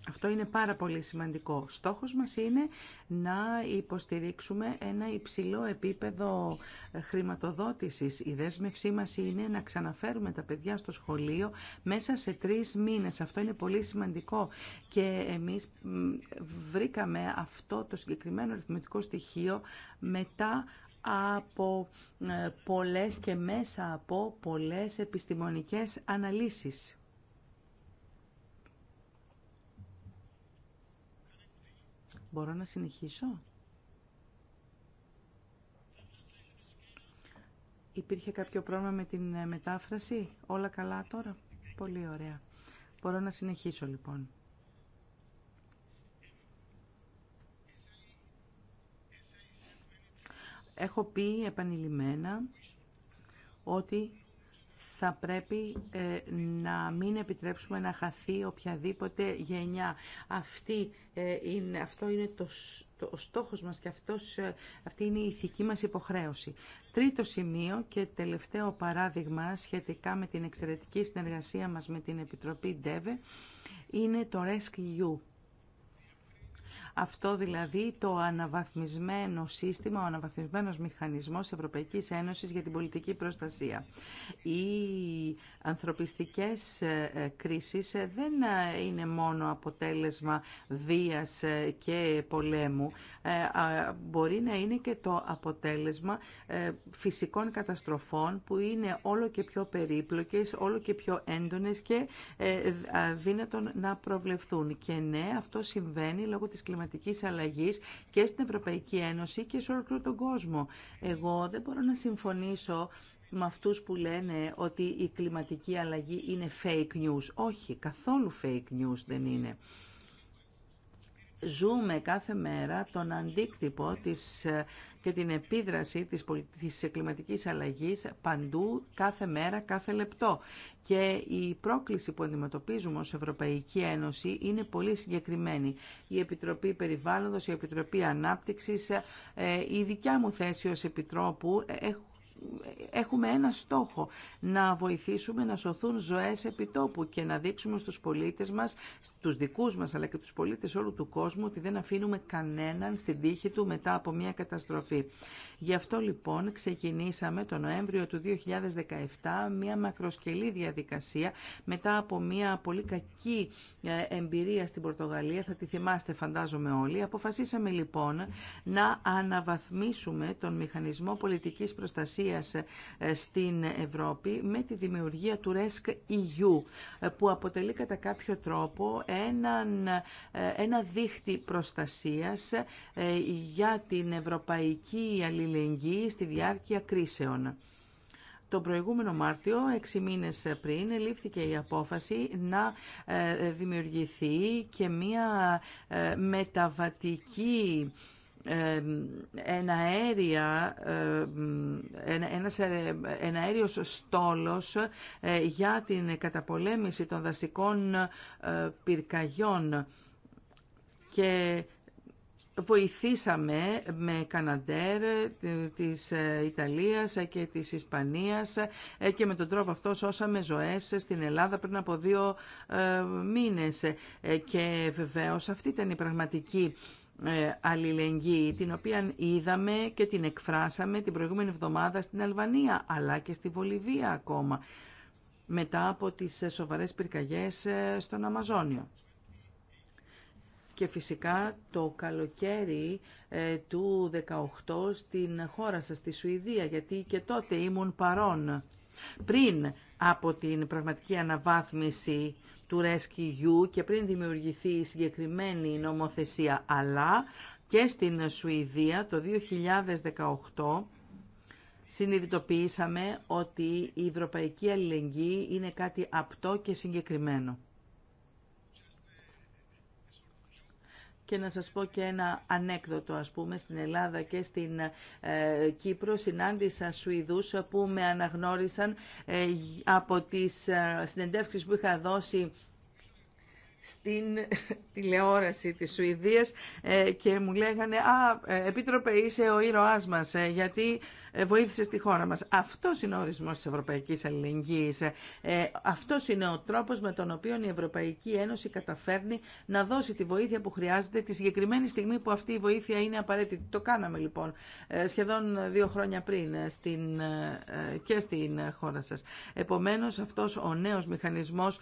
[SPEAKER 2] Αυτό είναι πάρα πολύ σημαντικό. Στόχος μας είναι να υποστηρίξουμε ένα υψηλό επίπεδο ε, χρηματοδότησης. Η δέσμευσή μας είναι να ξαναφέρουμε τα παιδιά στο σχολείο μέσα σε τρεις μήνες. Αυτό είναι πολύ σημαντικό και εμείς βρήκαμε αυτό το συγκεκριμένο αριθμητικό στοιχείο μετά από ε, πολλές και μέσα από πολλές επιστημονικές αναλύσεις. Μπορώ να συνεχίσω. Υπήρχε κάποιο πρόβλημα με την μετάφραση. Όλα καλά τώρα. Πολύ ωραία. Μπορώ να συνεχίσω λοιπόν. Έχω πει επανειλημμένα ότι θα πρέπει ε, να μην επιτρέψουμε να χαθεί οποιαδήποτε γενιά. Αυτή, ε, αυτό είναι το, το, ο στόχος μας και αυτός, ε, αυτή είναι η ηθική μας υποχρέωση. Τρίτο σημείο και τελευταίο παράδειγμα σχετικά με την εξαιρετική συνεργασία μας με την Επιτροπή ΝΤΕΒΕ είναι το Rescue αυτό δηλαδή το αναβαθμισμένο σύστημα, ο αναβαθμισμένος μηχανισμός Ευρωπαϊκής Ένωσης για την πολιτική προστασία ανθρωπιστικές ε, ε, κρίσεις ε, δεν είναι μόνο αποτέλεσμα βίας και πολέμου. Μπορεί να είναι και το αποτέλεσμα φυσικών καταστροφών που είναι όλο και πιο περίπλοκες, όλο και πιο έντονες και δύνατον να προβλεφθούν. Και ναι, αυτό συμβαίνει λόγω της κλιματικής αλλαγής και στην Ευρωπαϊκή Ένωση και σε όλο τον κόσμο. Εγώ δεν μπορώ να συμφωνήσω με αυτούς που λένε ότι η κλιματική αλλαγή είναι fake news. Όχι, καθόλου fake news δεν είναι. Ζούμε κάθε μέρα τον αντίκτυπο της ε, και την επίδραση της, της κλιματικής αλλαγής παντού, κάθε μέρα, κάθε λεπτό. Και η πρόκληση που αντιμετωπίζουμε ως Ευρωπαϊκή Ένωση είναι πολύ συγκεκριμένη. Η Επιτροπή Περιβάλλοντος, η Επιτροπή Ανάπτυξης, ε, ε, η δικιά μου θέση ως Επιτρόπου έχουμε ένα στόχο, να βοηθήσουμε να σωθούν ζωές επιτόπου και να δείξουμε στους πολίτες μας, στους δικούς μας αλλά και τους πολίτες όλου του κόσμου ότι δεν αφήνουμε κανέναν στην τύχη του μετά από μια καταστροφή. Γι' αυτό λοιπόν ξεκινήσαμε το Νοέμβριο του 2017 μια μακροσκελή διαδικασία μετά από μια πολύ κακή ε, εμπειρία στην Πορτογαλία, θα τη θυμάστε φαντάζομαι όλοι, αποφασίσαμε λοιπόν να αναβαθμίσουμε τον μηχανισμό πολιτικής προστασίας ε, στην Ευρώπη με τη δημιουργία του RESC EU ε, που αποτελεί κατά κάποιο τρόπο έναν, ε, ένα δίχτυ προστασίας για την ευρωπαϊκή αλληλεγγύη στη διάρκεια κρίσεων. Το προηγούμενο Μάρτιο, έξι μήνες πριν, λήφθηκε η απόφαση να δημιουργηθεί και μία μεταβατική ένα αέρια, ένας ε, αέριος στόλος ε, για την καταπολέμηση των δαστικών ε, πυρκαγιών και βοηθήσαμε με Καναντέρ της Ιταλίας και της Ισπανίας και με τον τρόπο αυτό σώσαμε ζωές στην Ελλάδα πριν από δύο μήνες και βεβαίως αυτή ήταν η πραγματική ε, αλληλεγγύη, την οποία είδαμε και την εκφράσαμε την προηγούμενη εβδομάδα στην Αλβανία, αλλά και στη Βολιβία ακόμα, μετά από τις ε, σοβαρές πυρκαγιές ε, στον Αμαζόνιο. Και φυσικά το καλοκαίρι του 18 στην χώρα σας, στη Σουηδία, γιατί και τότε ήμουν παρόν. Πριν από την πραγματική αναβάθμιση του Rescue και πριν δημιουργηθεί η συγκεκριμένη νομοθεσία, αλλά και στην Σουηδία το 2018 συνειδητοποιήσαμε ότι η ευρωπαϊκή αλληλεγγύη είναι κάτι απτό και συγκεκριμένο. Και να σας πω και ένα ανέκδοτο, ας πούμε, στην Ελλάδα και στην ε, Κύπρο συνάντησα Σουηδούς που με αναγνώρισαν ε, από τις ε, συνεντεύξεις που είχα δώσει στην *laughs* τηλεόραση της Σουηδίας ε, και μου λέγανε «Α, Επίτροπε, είσαι ο ήρωάς μας, γιατί ε, βοήθησε στη χώρα μας. Αυτό είναι ο ορισμός της Ευρωπαϊκής Αλληλεγγύης. Ε, αυτός είναι ο τρόπος με τον οποίο η Ευρωπαϊκή Ένωση καταφέρνει να δώσει τη βοήθεια που χρειάζεται τη συγκεκριμένη στιγμή που αυτή η βοήθεια είναι απαραίτητη. Το κάναμε λοιπόν ε, σχεδόν δύο χρόνια πριν στην, και στην χώρα σας. Επομένως αυτός ο νέος μηχανισμός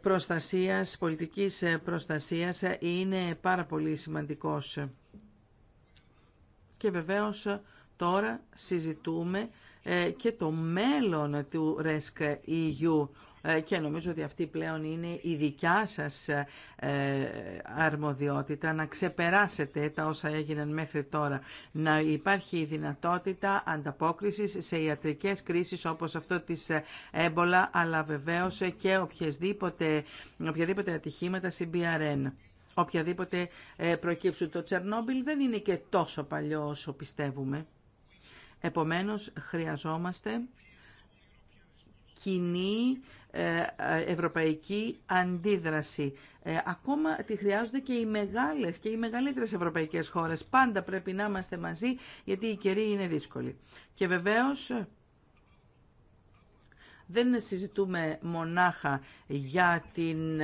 [SPEAKER 2] προστασίας, πολιτικής προστασίας είναι πάρα πολύ σημαντικός. Και βεβαίως Τώρα συζητούμε ε, και το μέλλον του RESC EU ε, και νομίζω ότι αυτή πλέον είναι η δικιά σας ε, αρμοδιότητα να ξεπεράσετε τα όσα έγιναν μέχρι τώρα. Να υπάρχει η δυνατότητα ανταπόκρισης σε ιατρικές κρίσεις όπως αυτό της έμπολα αλλά βεβαίως και οποιαδήποτε, οποιαδήποτε ατυχήματα BRN. Οποιαδήποτε προκύψουν το Τσερνόμπιλ δεν είναι και τόσο παλιό όσο πιστεύουμε. Επομένως, χρειαζόμαστε κοινή ε, ε, ευρωπαϊκή αντίδραση. Ε, ακόμα τη χρειάζονται και οι μεγάλες και οι μεγαλύτερες ευρωπαϊκές χώρες. Πάντα πρέπει να είμαστε μαζί γιατί η καιροί είναι δύσκολη. Και βεβαίως δεν συζητούμε μονάχα για την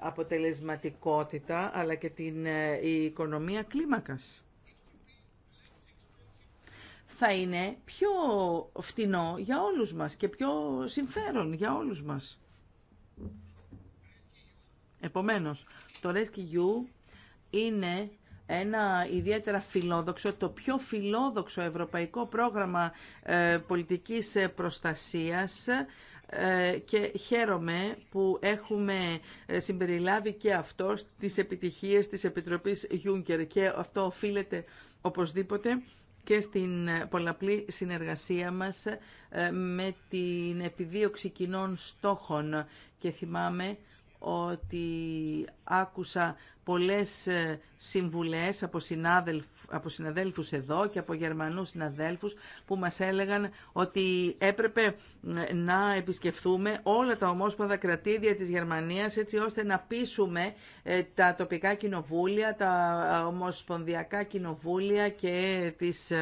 [SPEAKER 2] αποτελεσματικότητα αλλά και την οικονομία κλίμακας θα είναι πιο φτηνό για όλους μας και πιο συμφέρον για όλους μας. Επομένως, το Rescue είναι ένα ιδιαίτερα φιλόδοξο, το πιο φιλόδοξο ευρωπαϊκό πρόγραμμα ε, πολιτικής ε, προστασίας ε, και χαίρομαι που έχουμε συμπεριλάβει και αυτό στις επιτυχίες της Επιτροπής Juncker και αυτό οφείλεται οπωσδήποτε και στην πολλαπλή συνεργασία μας ε, με την επιδίωξη κοινών στόχων. Και θυμάμαι ότι άκουσα πολλές ε, συμβουλές από, συναδέλφους εδώ και από γερμανούς συναδέλφους που μας έλεγαν ότι έπρεπε ε, να επισκεφθούμε όλα τα ομόσπονδα κρατήδια της Γερμανίας έτσι ώστε να πείσουμε ε, τα τοπικά κοινοβούλια, τα ομοσπονδιακά κοινοβούλια και τις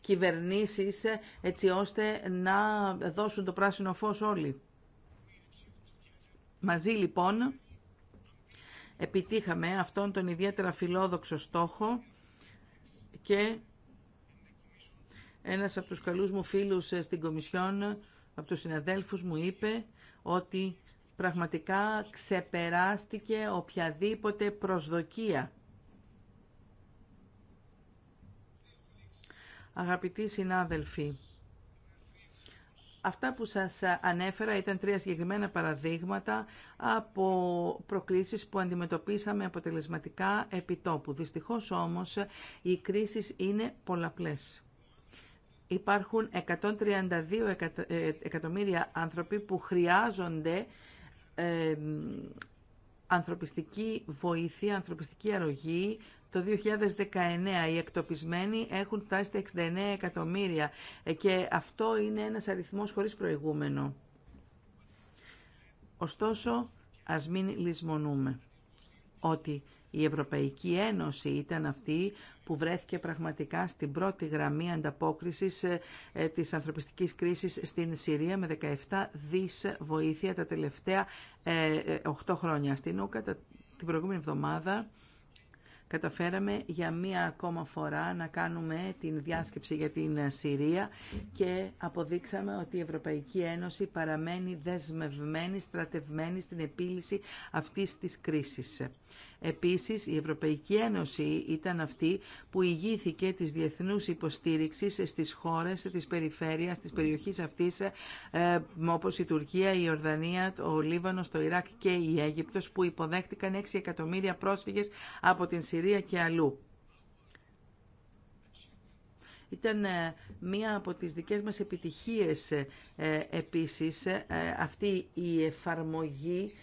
[SPEAKER 2] κυβερνήσεις έτσι ώστε να δώσουν το πράσινο φως όλοι. Μαζί λοιπόν επιτύχαμε αυτόν τον ιδιαίτερα φιλόδοξο στόχο και ένας από τους καλούς μου φίλους ε, στην Κομισιόν, από τους συναδέλφους μου είπε ότι πραγματικά ξεπεράστηκε οποιαδήποτε προσδοκία. Αγαπητοί συνάδελφοι, Αυτά που σας ε, ανέφερα ήταν τρία συγκεκριμένα παραδείγματα από προκλήσεις που αντιμετωπίσαμε αποτελεσματικά επιτόπου. Δυστυχώς όμως οι κρίσεις είναι πολλαπλές. Υπάρχουν 132 ε, εκατομμύρια άνθρωποι που χρειάζονται ανθρωπιστική βοήθεια, ανθρωπιστική αρρωγή το 2019 οι εκτοπισμένοι έχουν φτάσει στα 69 εκατομμύρια και αυτό είναι ένας αριθμός χωρίς προηγούμενο. Ωστόσο, ας μην λησμονούμε ότι η Ευρωπαϊκή Ένωση ήταν αυτή που βρέθηκε πραγματικά στην πρώτη γραμμή ανταπόκρισης ε, ε, της ανθρωπιστικής κρίσης στην Συρία με 17 δις βοήθεια τα τελευταία 8 ε, χρόνια. Στην ΟΚΑ την προηγούμενη εβδομάδα καταφέραμε για μία ακόμα φορά να κάνουμε την διάσκεψη για την Συρία και αποδείξαμε ότι η Ευρωπαϊκή Ένωση παραμένει δεσμευμένη, στρατευμένη στην επίλυση αυτής της κρίσης. Επίσης, η Ευρωπαϊκή Ένωση ήταν αυτή που ηγήθηκε της διεθνούς υποστήριξης στις χώρες της περιφέρειας, της περιοχής αυτής, ε, όπως η Τουρκία, η Ιορδανία, ο Λίβανος, το Ιράκ και η Αίγυπτος, που υποδέχτηκαν 6 εκατομμύρια πρόσφυγες από την Συρία και αλλού. Ήταν ε, μία από τις δικές μας επιτυχίες ε, ε, επίσης αυτή η εφαρμογή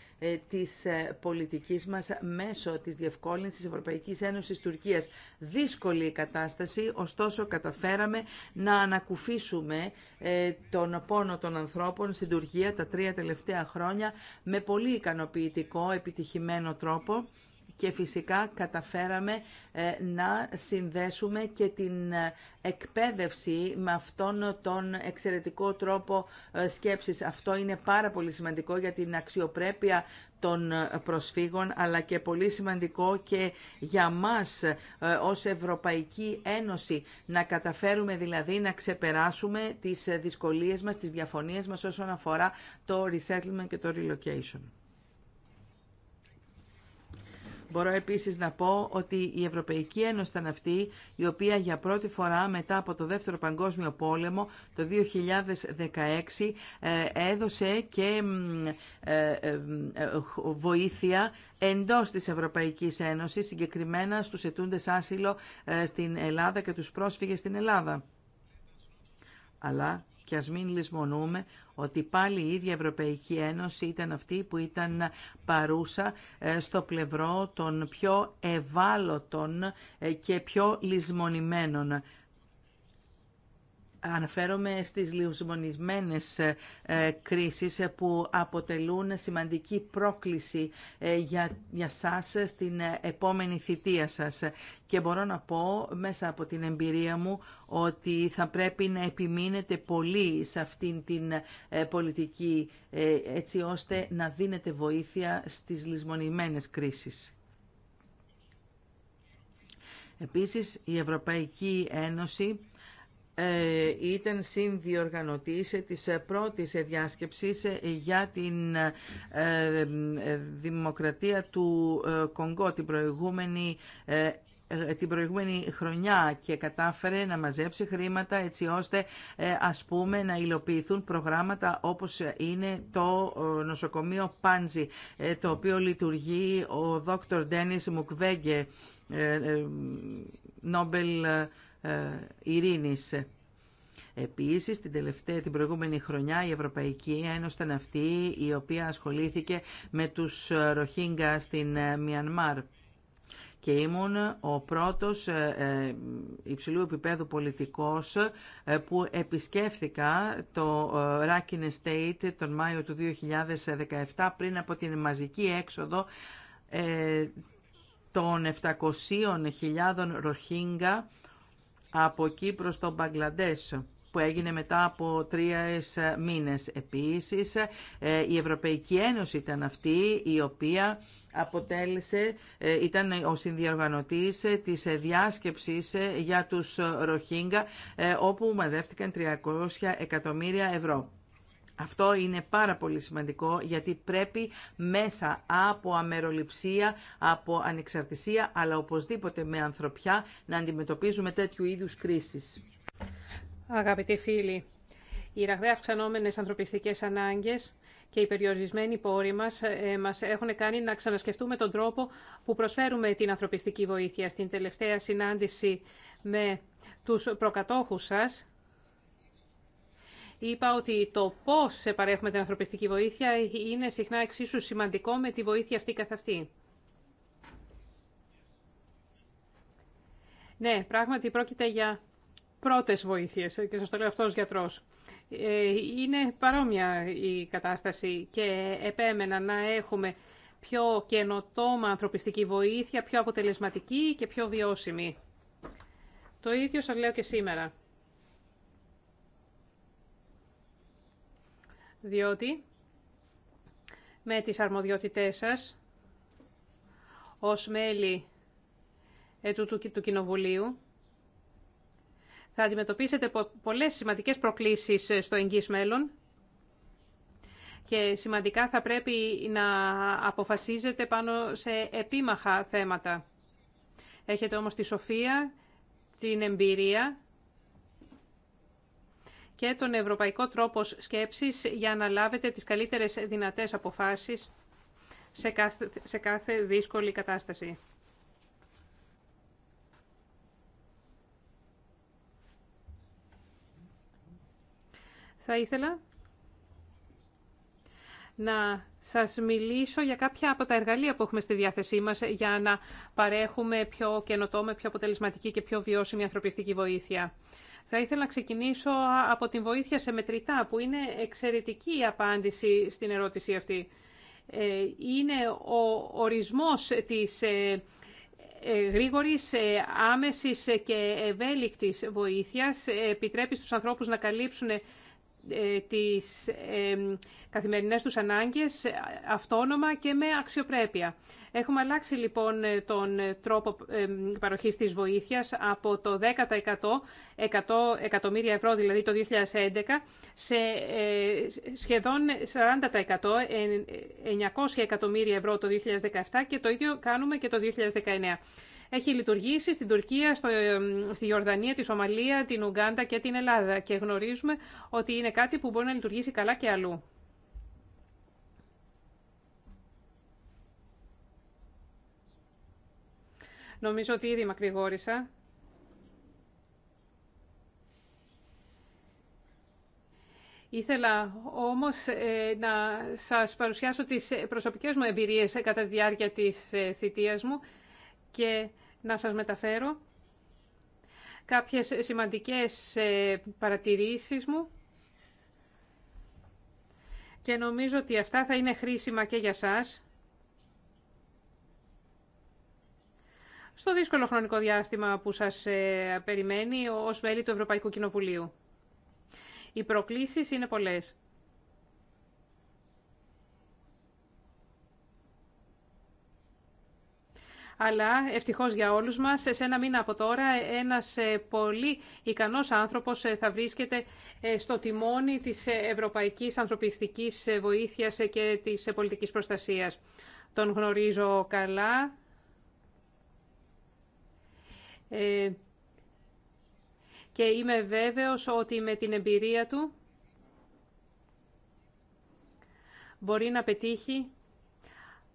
[SPEAKER 2] της πολιτικής μας μέσω της διευκόλυνσης Ευρωπαϊκής Ένωσης Τουρκίας. Δύσκολη η κατάσταση, ωστόσο καταφέραμε να ανακουφίσουμε τον πόνο των ανθρώπων στην Τουρκία τα τρία τελευταία χρόνια με πολύ ικανοποιητικό, επιτυχημένο τρόπο και φυσικά καταφέραμε ε, να συνδέσουμε και την ε, εκπαίδευση με αυτόν τον εξαιρετικό τρόπο ε, σκέψης. Αυτό είναι πάρα πολύ σημαντικό για την αξιοπρέπεια των προσφύγων, αλλά και πολύ σημαντικό και για μας ως Ευρωπαϊκή Ένωση να καταφέρουμε δηλαδή να ξεπεράσουμε τις δυσκολίες μας, τις διαφωνίες μας όσον αφορά το resettlement και το relocation. Μπορώ επίσης να πω ότι η Ευρωπαϊκή Ένωση ήταν αυτή η οποία για πρώτη φορά μετά από το Δεύτερο Παγκόσμιο Πόλεμο το 2016 ε, έδωσε και ε, ε, βοήθεια εντός της Ευρωπαϊκής Ένωσης, συγκεκριμένα στους ετούντες άσυλο στην Ελλάδα και τους πρόσφυγες στην Ελλάδα. Αλλά και ας μην λησμονούμε ότι πάλι η ίδια Ευρωπαϊκή Ένωση ήταν αυτή που ήταν παρούσα ε, στο πλευρό των πιο ευάλωτων ε, και πιο λησμονημένων. Αναφέρομαι στις λιουσμονισμένες ε, ε, κρίσεις που αποτελούν σημαντική πρόκληση ε, για, για σας στην επόμενη θητεία σας. Και μπορώ να πω μέσα από την εμπειρία μου ότι θα πρέπει να επιμείνετε πολύ σε αυτήν την πολιτική έτσι ώστε να δίνετε βοήθεια στις λισμονημένες κρίσεις. Επίσης, η Ευρωπαϊκή Ένωση ε, ήταν συνδιοργανωτής της πρώτης διάσκεψης για την ε, ε, δημοκρατία του Κονγκό την προηγούμενη την προηγούμενη χρονιά και κατάφερε να μαζέψει χρήματα έτσι ώστε ας πούμε να υλοποιηθούν προγράμματα όπως είναι το νοσοκομείο Πάντζη το οποίο λειτουργεί ο Δόκτωρ Ντένις Μουκβέγγε Νόμπελ ε, ειρήνης. Επίσης, την, τελευταία, την προηγούμενη χρονιά η Ευρωπαϊκή Ένωση ήταν αυτή η οποία ασχολήθηκε με τους Ροχίνγκα στην ε, Μιανμάρ. Και ήμουν ο πρώτος ε, υψηλού επίπεδου πολιτικός που επισκέφθηκα το Rakhine State τον Μάιο του 2017 πριν από την μαζική έξοδο των 700.000 Ροχίνγκα από εκεί προς τον Μπαγκλαντές που έγινε μετά από τρία μήνες. Επίσης, ε, η Ευρωπαϊκή Ένωση ήταν αυτή η οποία αποτέλεσε, ε, ήταν ο συνδιοργανωτής της διάσκεψης για τους Ροχίνγκα, ε, όπου μαζεύτηκαν 300 εκατομμύρια ευρώ. Αυτό είναι πάρα πολύ σημαντικό γιατί πρέπει μέσα από αμεροληψία, από ανεξαρτησία, αλλά οπωσδήποτε με ανθρωπιά να αντιμετωπίζουμε τέτοιου είδους κρίσεις.
[SPEAKER 1] Αγαπητοί φίλοι, οι ραγδαία αυξανόμενες ανθρωπιστικές ανάγκες και οι περιορισμένοι πόροι μας ε, μας έχουν κάνει να ξανασκεφτούμε τον τρόπο που προσφέρουμε την ανθρωπιστική βοήθεια. Στην τελευταία συνάντηση με τους προκατόχους σας, είπα ότι το πώς παρέχουμε την ανθρωπιστική βοήθεια είναι συχνά εξίσου σημαντικό με τη βοήθεια αυτή καθ' αυτή. Ναι, πράγματι πρόκειται για πρώτες βοήθειες και σα το λέω αυτό ο γιατρός. Ε, είναι παρόμοια η κατάσταση και επέμενα να έχουμε πιο καινοτόμα ανθρωπιστική βοήθεια, πιο αποτελεσματική και πιο βιώσιμη. Το ίδιο σας λέω και σήμερα. διότι με τις αρμοδιότητές σας ως μέλη ε, του, του Κοινοβουλίου θα αντιμετωπίσετε πολλές σημαντικές προκλήσεις ε, στο εγγύς μέλλον και σημαντικά θα πρέπει να αποφασίζετε πάνω σε επίμαχα θέματα. Έχετε όμως τη σοφία, την εμπειρία και τον ευρωπαϊκό τρόπο σκέψης για να λάβετε τις καλύτερες δυνατές αποφάσεις σε κάθε, σε κάθε δύσκολη κατάσταση. Θα ήθελα να σας μιλήσω για κάποια από τα εργαλεία που έχουμε στη διάθεσή μας για να παρέχουμε πιο καινοτόμε, πιο αποτελεσματική και πιο βιώσιμη ανθρωπιστική βοήθεια. Θα ήθελα να ξεκινήσω από την βοήθεια σε μετρητά, που είναι εξαιρετική η απάντηση στην ερώτηση αυτή. Ε, είναι ο ορισμός της ε, ε, γρήγορης, άμεσης και ευέλικτης βοήθειας. Επιτρέπει στους ανθρώπους να καλύψουν ε, τις καθημερινές τους ανάγκες ε, αυτόνομα και με αξιοπρέπεια. Έχουμε αλλάξει λοιπόν ε, τον τρόπο παροχής της βοήθειας από το 10% 100 εκατομμύρια ευρώ δηλαδή το 2011 σε σχεδόν 40% 900 εκατομμύρια ευρώ το 2017 και το ίδιο κάνουμε και το 2019 έχει λειτουργήσει στην Τουρκία, στο, στη Ιορδανία, τη Σομαλία, την Ουγγάντα και την Ελλάδα και γνωρίζουμε ότι είναι κάτι που μπορεί να λειτουργήσει καλά και αλλού. Νομίζω ότι ήδη μακρηγόρησα. Ήθελα όμως ε, να σας παρουσιάσω τις προσωπικές μου εμπειρίες ε, κατά τη διάρκεια της ε, θητείας μου και να σας μεταφέρω κάποιες σημαντικές ε, παρατηρήσεις μου και νομίζω ότι αυτά θα είναι χρήσιμα και για σας. στο δύσκολο χρονικό διάστημα που σας ε, περιμένει ως μέλη του Ευρωπαϊκού Κοινοβουλίου. Οι προκλήσεις είναι πολλές. αλλά ευτυχώς για όλους μας, σε ένα μήνα από τώρα ένας ε, πολύ ικανός άνθρωπος ε, θα βρίσκεται ε, στο τιμόνι της ευρωπαϊκής ανθρωπιστικής Βοήθεια και της πολιτική προστασίας. Τον γνωρίζω καλά. και είμαι βέβαιος ότι με την εμπειρία του μπορεί να πετύχει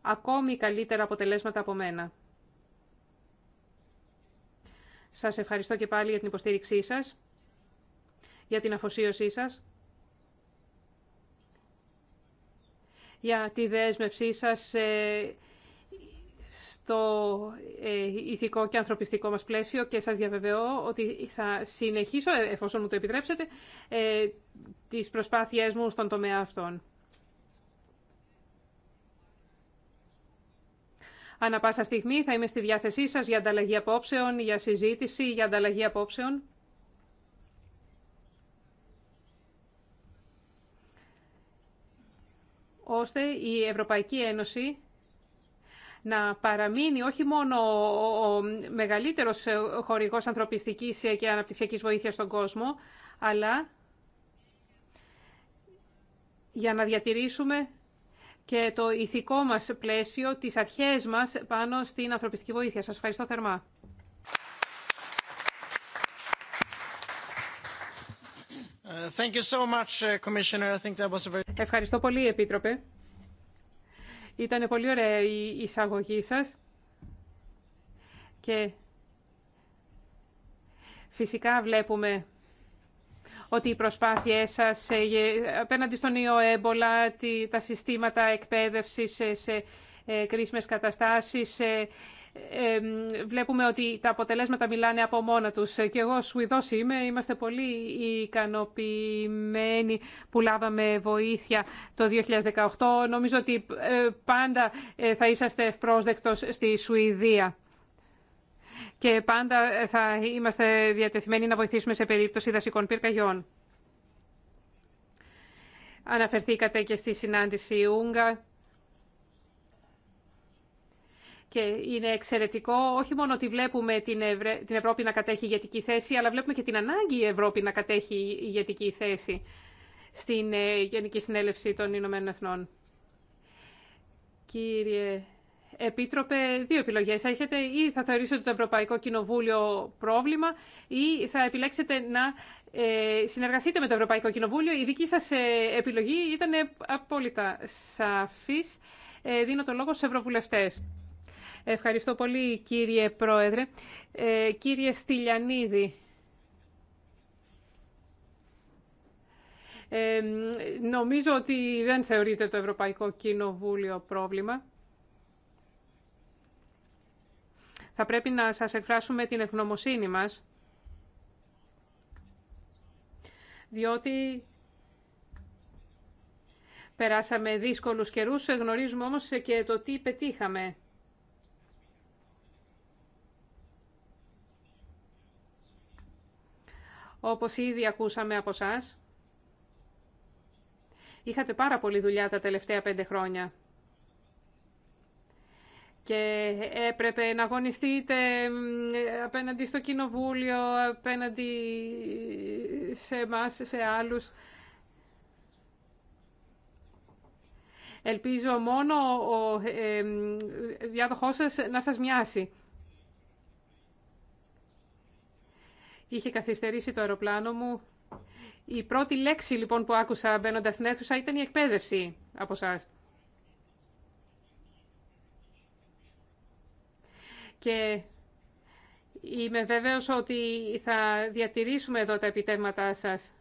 [SPEAKER 1] ακόμη καλύτερα αποτελέσματα από μένα. Σας ευχαριστώ και πάλι για την υποστήριξή σας, για την αφοσίωσή σας, για τη δέσμευσή σας ε, στο ε, ηθικό και ανθρωπιστικό μας πλαίσιο και σας διαβεβαιώ ότι θα συνεχίσω, εφόσον μου το επιτρέψετε, ε, τις προσπάθειές μου στον τομέα αυτών. Ανά πάσα στιγμή θα είμαι στη διάθεσή σας για ανταλλαγή απόψεων, για συζήτηση, για ανταλλαγή απόψεων. ώστε η Ευρωπαϊκή Ένωση να παραμείνει όχι μόνο ο μεγαλύτερος χωρικός ανθρωπιστικής και αναπτυξιακής βοήθειας στον κόσμο, αλλά για να διατηρήσουμε και το ηθικό μας πλαίσιο, τις αρχές μας πάνω στην ανθρωπιστική βοήθεια. Σας ευχαριστώ θερμά. Ευχαριστώ πολύ, Επίτροπε. Ήταν πολύ ωραία η εισαγωγή σας. Και φυσικά βλέπουμε ότι οι προσπάθειές σας ε, ε, απέναντι στον ιό έμπολα, τα συστήματα εκπαίδευσης σε ε, κρίσιμες καταστάσεις, βλέπουμε ότι τα αποτελέσματα μιλάνε από μόνα τους. Και εγώ Σουηδός είμαι, είμαστε πολύ ικανοποιημένοι που λάβαμε βοήθεια το 2018. Νομίζω ότι πάντα θα είσαστε ευπρόσδεκτος στη Σουηδία και πάντα θα είμαστε διατεθειμένοι να βοηθήσουμε σε περίπτωση δασικών πυρκαγιών. Αναφερθήκατε και στη συνάντηση Ούγκα και είναι εξαιρετικό όχι μόνο ότι βλέπουμε την, την Ευρώπη να κατέχει ηγετική θέση, αλλά βλέπουμε και την ανάγκη η Ευρώπη να κατέχει ηγετική θέση στην ε, Γενική Συνέλευση των Ηνωμένων Εθνών. Κύριε Επίτροπε, δύο επιλογές έχετε. Ή θα θεωρήσετε το Ευρωπαϊκό Κοινοβούλιο πρόβλημα ή θα επιλέξετε να ε, συνεργαστείτε με το Ευρωπαϊκό Κοινοβούλιο. Η δική σας ε, επιλογή ήταν απόλυτα σαφής. Ε, δίνω το λόγο στους ευρωβουλευτές. Ευχαριστώ πολύ, κύριε Πρόεδρε. Κύριε Στυλιανίδη, νομίζω ότι δεν θεωρείτε το Ευρωπαϊκό Κοινοβούλιο πρόβλημα. θα πρέπει να σας εκφράσουμε την ευγνωμοσύνη μας, διότι περάσαμε δύσκολους καιρούς, γνωρίζουμε όμως και το τι πετύχαμε. Όπως ήδη ακούσαμε από σας, είχατε πάρα πολλή δουλειά τα τελευταία πέντε χρόνια και έπρεπε να αγωνιστείτε απέναντι στο κοινοβούλιο, απέναντι σε εμά, σε άλλους. Ελπίζω μόνο ο ε, διάδοχός να σας μοιάσει. Είχε καθυστερήσει το αεροπλάνο μου. Η πρώτη λέξη λοιπόν που άκουσα μπαίνοντας στην αίθουσα ήταν η εκπαίδευση από σας. και είμαι βέβαιος ότι θα διατηρήσουμε εδώ τα επιτέγματά σας.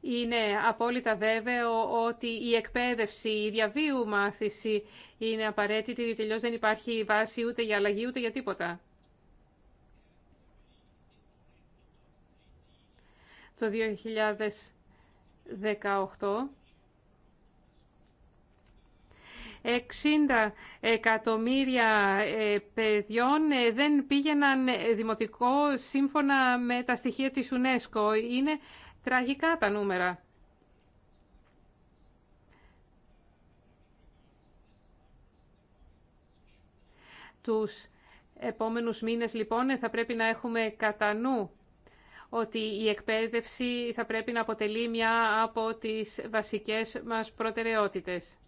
[SPEAKER 1] Είναι απόλυτα βέβαιο ότι η εκπαίδευση, η διαβίου μάθηση είναι απαραίτητη, διότι τελειώς δεν υπάρχει βάση ούτε για αλλαγή ούτε για τίποτα. Το 2018 60 εκατομμύρια ε, παιδιών ε, δεν πήγαιναν ε, δημοτικό σύμφωνα με τα στοιχεία της UNESCO. Είναι τραγικά τα νούμερα. Τους επόμενους μήνες, λοιπόν, θα πρέπει να έχουμε κατά νου ότι η εκπαίδευση θα πρέπει να αποτελεί μια από τις βασικές μας προτεραιότητες.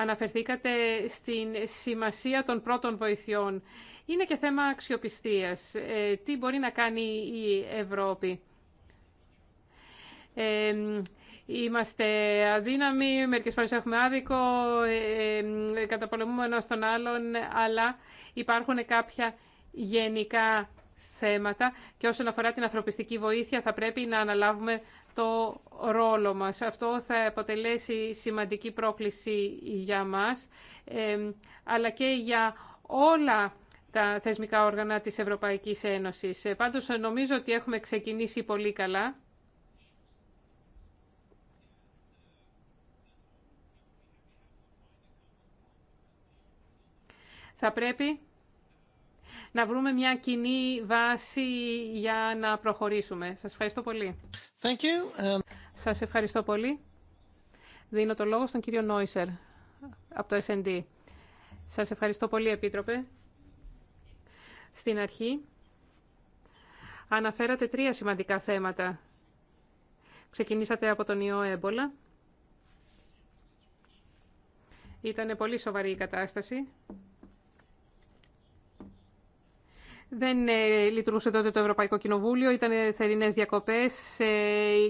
[SPEAKER 1] Αναφερθήκατε στην σημασία των πρώτων βοηθειών. Είναι και θέμα αξιοπιστίας. Ε, τι μπορεί να κάνει η Ευρώπη. Ε, είμαστε αδύναμοι, μερικές φορές έχουμε άδικο, ε, καταπολεμούμε ένα τον άλλον, αλλά υπάρχουν κάποια γενικά θέματα και όσον αφορά την ανθρωπιστική βοήθεια θα πρέπει να αναλάβουμε το ρόλο μας. Αυτό θα αποτελέσει σημαντική πρόκληση για μας, αλλά και για όλα τα θεσμικά όργανα της Ευρωπαϊκής Ένωσης. Ε, πάντως, νομίζω ότι έχουμε ξεκινήσει πολύ καλά. Θα πρέπει να βρούμε μια κοινή βάση για να προχωρήσουμε. Σας ευχαριστώ πολύ. Thank you. Σας ευχαριστώ πολύ. Δίνω το λόγο στον κύριο Νόισερ από το S&D. Σας ευχαριστώ πολύ, Επίτροπε. Στην αρχή αναφέρατε τρία σημαντικά θέματα. Ξεκινήσατε από τον ιό έμπολα. Ήταν πολύ σοβαρή η κατάσταση. Δεν ε, λειτουργούσε τότε το Ευρωπαϊκό Κοινοβούλιο, ήταν ε, θερινές διακοπές ε,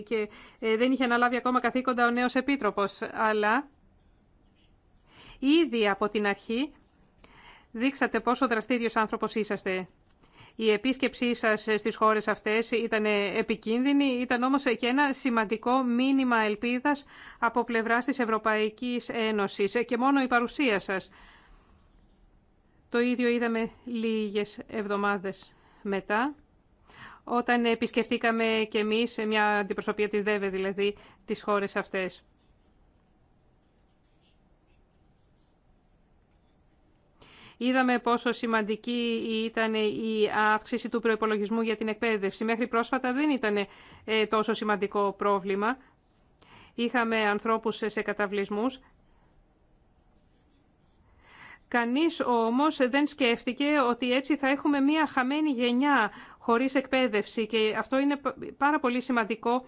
[SPEAKER 1] και δεν είχε αναλάβει ακόμα καθήκοντα ο νέος επίτροπος. Αλλά ήδη από την αρχή δείξατε πόσο δραστήριος άνθρωπος είσαστε. Η επίσκεψή σας στις χώρες αυτές ήταν επικίνδυνη, ήταν όμως και ένα σημαντικό μήνυμα ελπίδας από πλευράς της Ευρωπαϊκής Ένωσης και μόνο η παρουσία σας το ίδιο είδαμε λίγες εβδομάδες μετά, όταν επισκεφτήκαμε και εμείς μια αντιπροσωπεία της ΔΕΒΕ, δηλαδή τις χώρες αυτές. Είδαμε πόσο σημαντική ήταν η αύξηση του προϋπολογισμού για την εκπαίδευση. Μέχρι πρόσφατα δεν ήταν ε, τόσο σημαντικό πρόβλημα. Είχαμε ανθρώπους σε καταβλισμούς Κανείς όμως δεν σκέφτηκε ότι έτσι θα έχουμε μία χαμένη γενιά χωρίς εκπαίδευση και αυτό είναι πάρα πολύ σημαντικό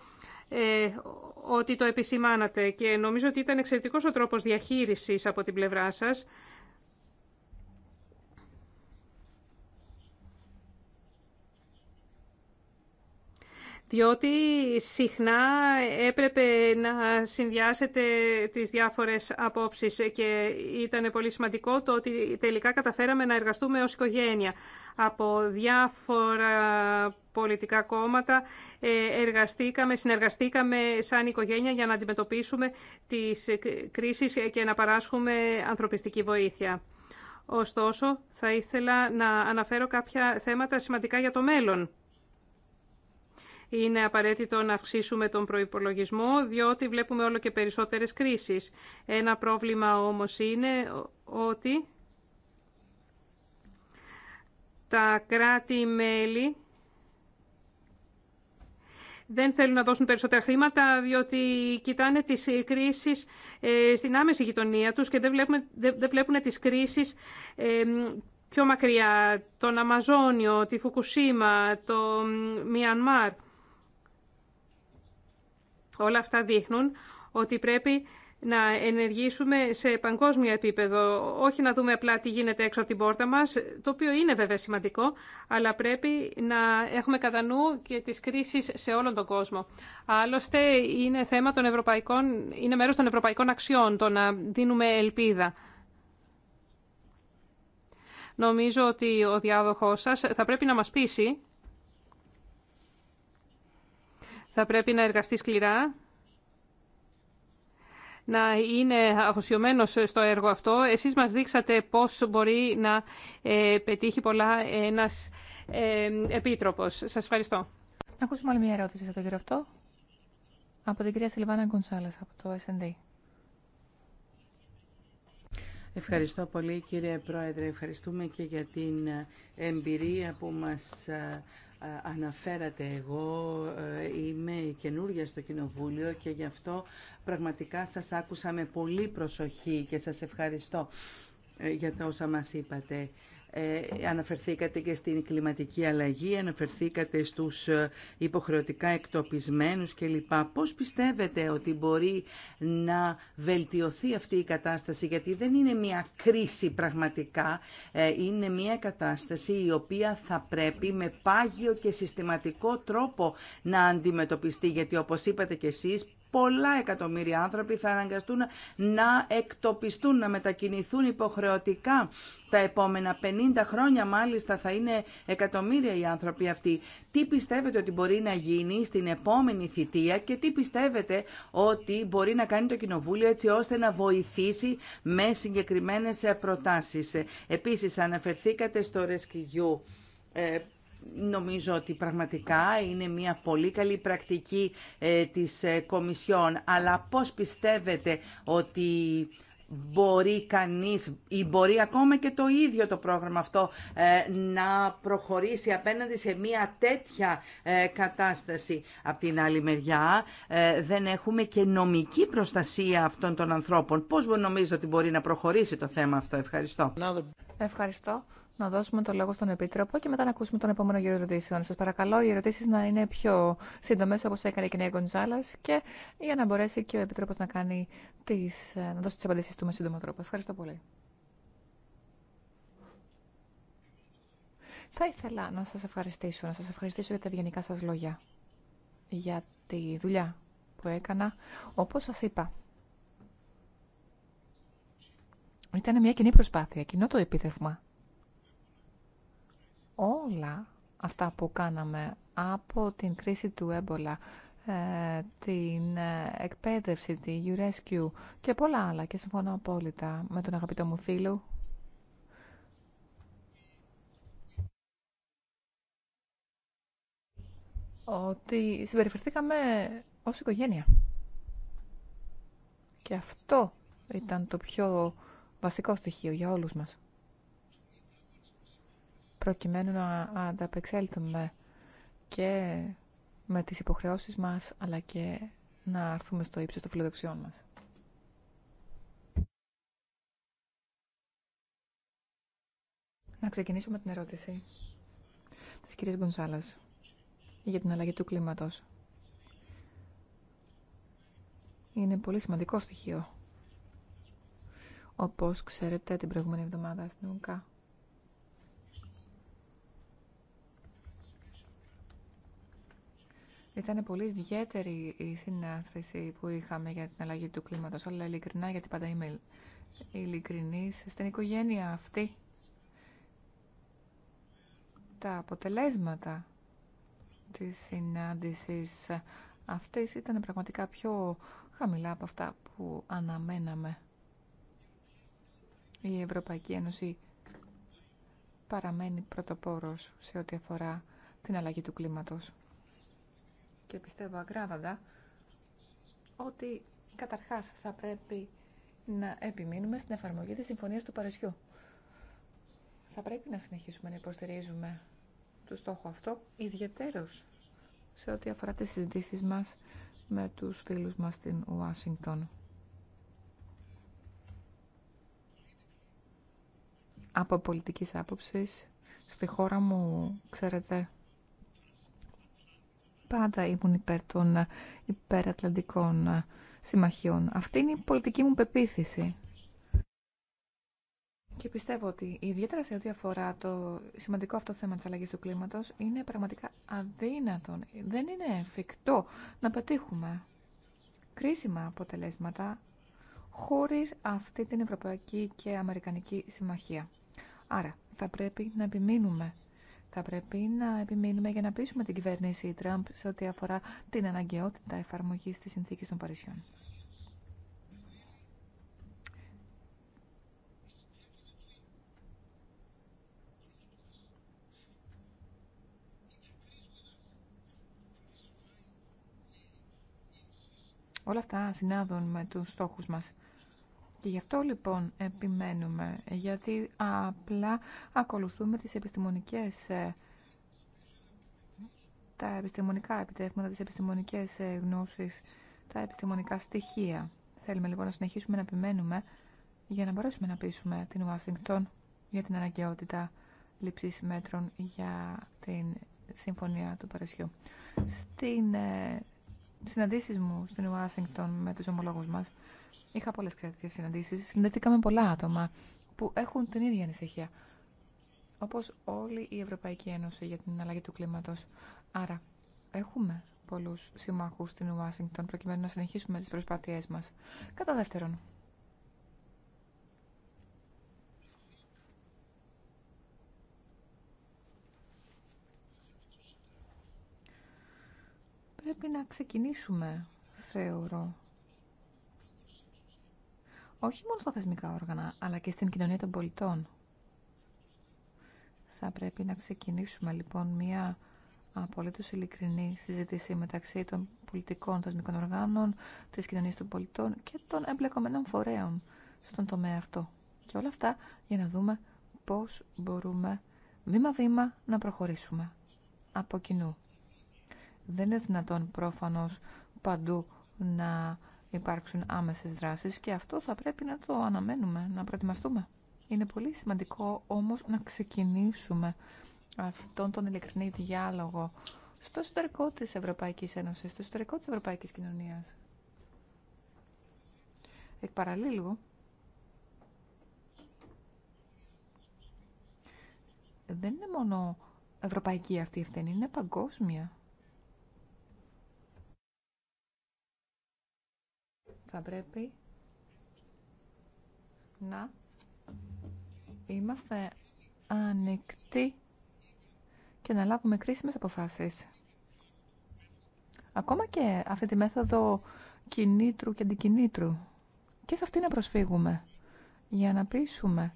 [SPEAKER 1] ε, ότι το επισημάνατε και νομίζω ότι ήταν εξαιρετικός ο τρόπος διαχείρισης από την πλευρά σας διότι συχνά έπρεπε να συνδυάσετε τις διάφορες απόψεις και ήταν πολύ σημαντικό το ότι τελικά καταφέραμε να εργαστούμε ως οικογένεια. Από διάφορα πολιτικά κόμματα ε, εργαστήκαμε, συνεργαστήκαμε σαν οικογένεια για να αντιμετωπίσουμε τις κρίσεις και να παράσχουμε ανθρωπιστική βοήθεια. Ωστόσο, θα ήθελα να αναφέρω κάποια θέματα σημαντικά για το μέλλον είναι απαραίτητο να αυξήσουμε τον προϋπολογισμό, διότι βλέπουμε όλο και περισσότερες κρίσεις. Ένα πρόβλημα όμως είναι ότι τα κράτη-μέλη δεν θέλουν να δώσουν περισσότερα χρήματα διότι κοιτάνε τις κρίσεις ε, στην άμεση γειτονία τους και δεν, βλέπουν, βλέπουν τις κρίσεις ε, πιο μακριά. Τον Αμαζόνιο, τη Φουκουσίμα, το Μιανμάρ. Όλα αυτά δείχνουν ότι πρέπει να ενεργήσουμε σε παγκόσμιο επίπεδο, όχι να δούμε απλά τι γίνεται έξω από την πόρτα μας, το οποίο είναι βέβαια σημαντικό, αλλά πρέπει να έχουμε κατά νου και τις κρίσεις σε όλον τον κόσμο. Άλλωστε, είναι, θέμα των ευρωπαϊκών, είναι μέρος των ευρωπαϊκών αξιών το να δίνουμε ελπίδα. Νομίζω ότι ο διάδοχός σας θα πρέπει να μας πείσει θα πρέπει να εργαστεί σκληρά, να είναι αφοσιωμένος στο έργο αυτό. Εσείς μας δείξατε πώς μπορεί να ε, πετύχει πολλά ένας ε, επίτροπος. Σας ευχαριστώ.
[SPEAKER 3] Να ακούσουμε άλλη μια ερώτηση από τον κύριο αυτό. Από την κυρία Σιλβάνα Γκονσάλες από το S&D.
[SPEAKER 2] Ευχαριστώ πολύ κύριε Πρόεδρε. Ευχαριστούμε και για την εμπειρία που μας ε, ε, αναφέρατε. Εγώ ε, είμαι καινούρια στο Κοινοβούλιο και γι' αυτό πραγματικά σας άκουσα με πολύ προσοχή και σας ευχαριστώ ε, για τα όσα μας είπατε. Ε, αναφερθήκατε και στην κλιματική αλλαγή, αναφερθήκατε στους ε, υποχρεωτικά εκτοπισμένους κλπ. Πώς πιστεύετε ότι μπορεί να βελτιωθεί αυτή η κατάσταση, γιατί δεν είναι μια κρίση πραγματικά, ε, είναι μια κατάσταση η οποία θα πρέπει με πάγιο και συστηματικό τρόπο να αντιμετωπιστεί, γιατί όπως είπατε και εσείς πολλά εκατομμύρια άνθρωποι θα αναγκαστούν να εκτοπιστούν, να μετακινηθούν υποχρεωτικά τα επόμενα 50 χρόνια μάλιστα θα είναι εκατομμύρια οι άνθρωποι αυτοί. Τι πιστεύετε ότι μπορεί να γίνει στην επόμενη θητεία και τι πιστεύετε ότι μπορεί να κάνει το Κοινοβούλιο έτσι ώστε να βοηθήσει με συγκεκριμένες προτάσεις. Επίσης αναφερθήκατε στο Ρεσκυγιού Νομίζω ότι πραγματικά είναι μια πολύ καλή πρακτική ε, της ε, Κομισιόν. Αλλά πώς πιστεύετε ότι μπορεί κανείς ή μπορεί ακόμα και το ίδιο το πρόγραμμα αυτό ε, να προχωρήσει απέναντι σε μια τέτοια κατάσταση. Απ' την άλλη μεριά δεν έχουμε και νομική προστασία αυτών των ανθρώπων. Πώς νομίζω ότι μπορεί να προχωρήσει το θέμα αυτό. Ευχαριστώ.
[SPEAKER 3] Ευχαριστώ να δώσουμε το λόγο στον Επίτροπο και μετά να ακούσουμε τον επόμενο γύρο ερωτήσεων. Σας παρακαλώ οι ερωτήσει να είναι πιο συντομέ όπω έκανε η κυρία Γκοντζάλας και για να μπορέσει και ο Επίτροπος να, κάνει τις, να δώσει τι απαντήσει του με σύντομο τρόπο. Ευχαριστώ πολύ. Θα ήθελα να σας ευχαριστήσω, να σας ευχαριστήσω για τα ευγενικά σας λόγια, για τη δουλειά που έκανα, όπως σας είπα. Ήταν μια κοινή προσπάθεια, κοινό το επίτευγμα όλα αυτά που κάναμε από την κρίση του έμπολα, ε, την ε, εκπαίδευση, τη u και πολλά άλλα και συμφωνώ απόλυτα με τον αγαπητό μου φίλο. ότι συμπεριφερθήκαμε ως οικογένεια. Και αυτό ήταν το πιο βασικό στοιχείο για όλους μας προκειμένου να ανταπεξέλθουμε και με τις υποχρεώσεις μας, αλλά και να έρθουμε στο ύψος των φιλοδοξιών μας. Να ξεκινήσω με την ερώτηση της κυρίας Γκονσάλας για την αλλαγή του κλίματος. Είναι πολύ σημαντικό στοιχείο. Όπως ξέρετε την προηγούμενη εβδομάδα στην ΟΚΑ Ήταν πολύ ιδιαίτερη η συνάθρηση που είχαμε για την αλλαγή του κλίματος, αλλά ειλικρινά, γιατί πάντα είμαι ειλικρινής, στην οικογένεια αυτή τα αποτελέσματα της συνάντησης αυτής ήταν πραγματικά πιο χαμηλά από αυτά που αναμέναμε. Η Ευρωπαϊκή Ένωση παραμένει πρωτοπόρος σε ό,τι αφορά την αλλαγή του κλίματος και πιστεύω ακράδαντα ότι καταρχάς θα πρέπει να επιμείνουμε στην εφαρμογή της Συμφωνίας του Παρισιού. Θα πρέπει να συνεχίσουμε να υποστηρίζουμε το στόχο αυτό, ιδιαίτερος σε ό,τι αφορά τις συζητήσεις μας με τους φίλους μας στην Ουάσιγκτον. Από πολιτικής άποψης, στη χώρα μου, ξέρετε, πάντα ήμουν υπέρ των υπερατλαντικών συμμαχιών. Αυτή είναι η πολιτική μου πεποίθηση. Και πιστεύω ότι ιδιαίτερα σε ό,τι αφορά το σημαντικό αυτό θέμα της αλλαγής του κλίματος είναι πραγματικά αδύνατον. Δεν είναι εφικτό να πετύχουμε κρίσιμα αποτελέσματα χωρίς αυτή την Ευρωπαϊκή και Αμερικανική Συμμαχία. Άρα θα πρέπει να επιμείνουμε θα πρέπει να επιμείνουμε για να πείσουμε την κυβέρνηση Τραμπ σε ό,τι αφορά την αναγκαιότητα εφαρμογής της συνθήκης των Παρισιών. Όλα αυτά συνάδουν με τους στόχους μας και γι' αυτό λοιπόν επιμένουμε, γιατί απλά ακολουθούμε τις επιστημονικές ε, τα επιστημονικά επιτεύγματα, τις επιστημονικές ε, γνώσεις, τα επιστημονικά στοιχεία. Θέλουμε λοιπόν να συνεχίσουμε να επιμένουμε για να μπορέσουμε να πείσουμε την Ουάσιγκτον για την αναγκαιότητα λήψης μέτρων για την Συμφωνία του Παρισιού. Στην ε, συναντήσεις μου στην Ουάσιγκτον με τους ομολόγους μας, Είχα πολλές συναντήσει. συναντήσεις, συνδεθήκαμε πολλά άτομα που έχουν την ίδια ανησυχία. Όπως όλη η Ευρωπαϊκή Ένωση για την αλλαγή του κλίματος. Άρα, έχουμε πολλούς συμμάχους στην Ουάσιγκτον προκειμένου να συνεχίσουμε τις προσπάθειές μας. Κατά δεύτερον, πρέπει να ξεκινήσουμε, θεωρώ, όχι μόνο στα θεσμικά όργανα, αλλά και στην κοινωνία των πολιτών. Θα πρέπει να ξεκινήσουμε λοιπόν μια απολύτως ειλικρινή συζήτηση μεταξύ των πολιτικών θεσμικών οργάνων, της κοινωνίας των πολιτών και των εμπλεκομένων φορέων στον τομέα αυτό. Και όλα αυτά για να δούμε πώς μπορούμε βήμα-βήμα να προχωρήσουμε από κοινού. Δεν είναι δυνατόν πρόφανως παντού να υπάρξουν άμεσες δράσεις και αυτό θα πρέπει να το αναμένουμε, να προετοιμαστούμε. Είναι πολύ σημαντικό όμως να ξεκινήσουμε αυτόν τον ειλικρινή διάλογο στο εσωτερικό της Ευρωπαϊκής Ένωσης, στο εσωτερικό της Ευρωπαϊκής Κοινωνίας. Εκ παραλίλου, δεν είναι μόνο ευρωπαϊκή αυτή η ευθύνη, είναι παγκόσμια. θα πρέπει να είμαστε ανοιχτοί και να λάβουμε κρίσιμες αποφάσεις. Ακόμα και αυτή τη μέθοδο κινήτρου και αντικινήτρου. Και σε αυτή να προσφύγουμε για να πείσουμε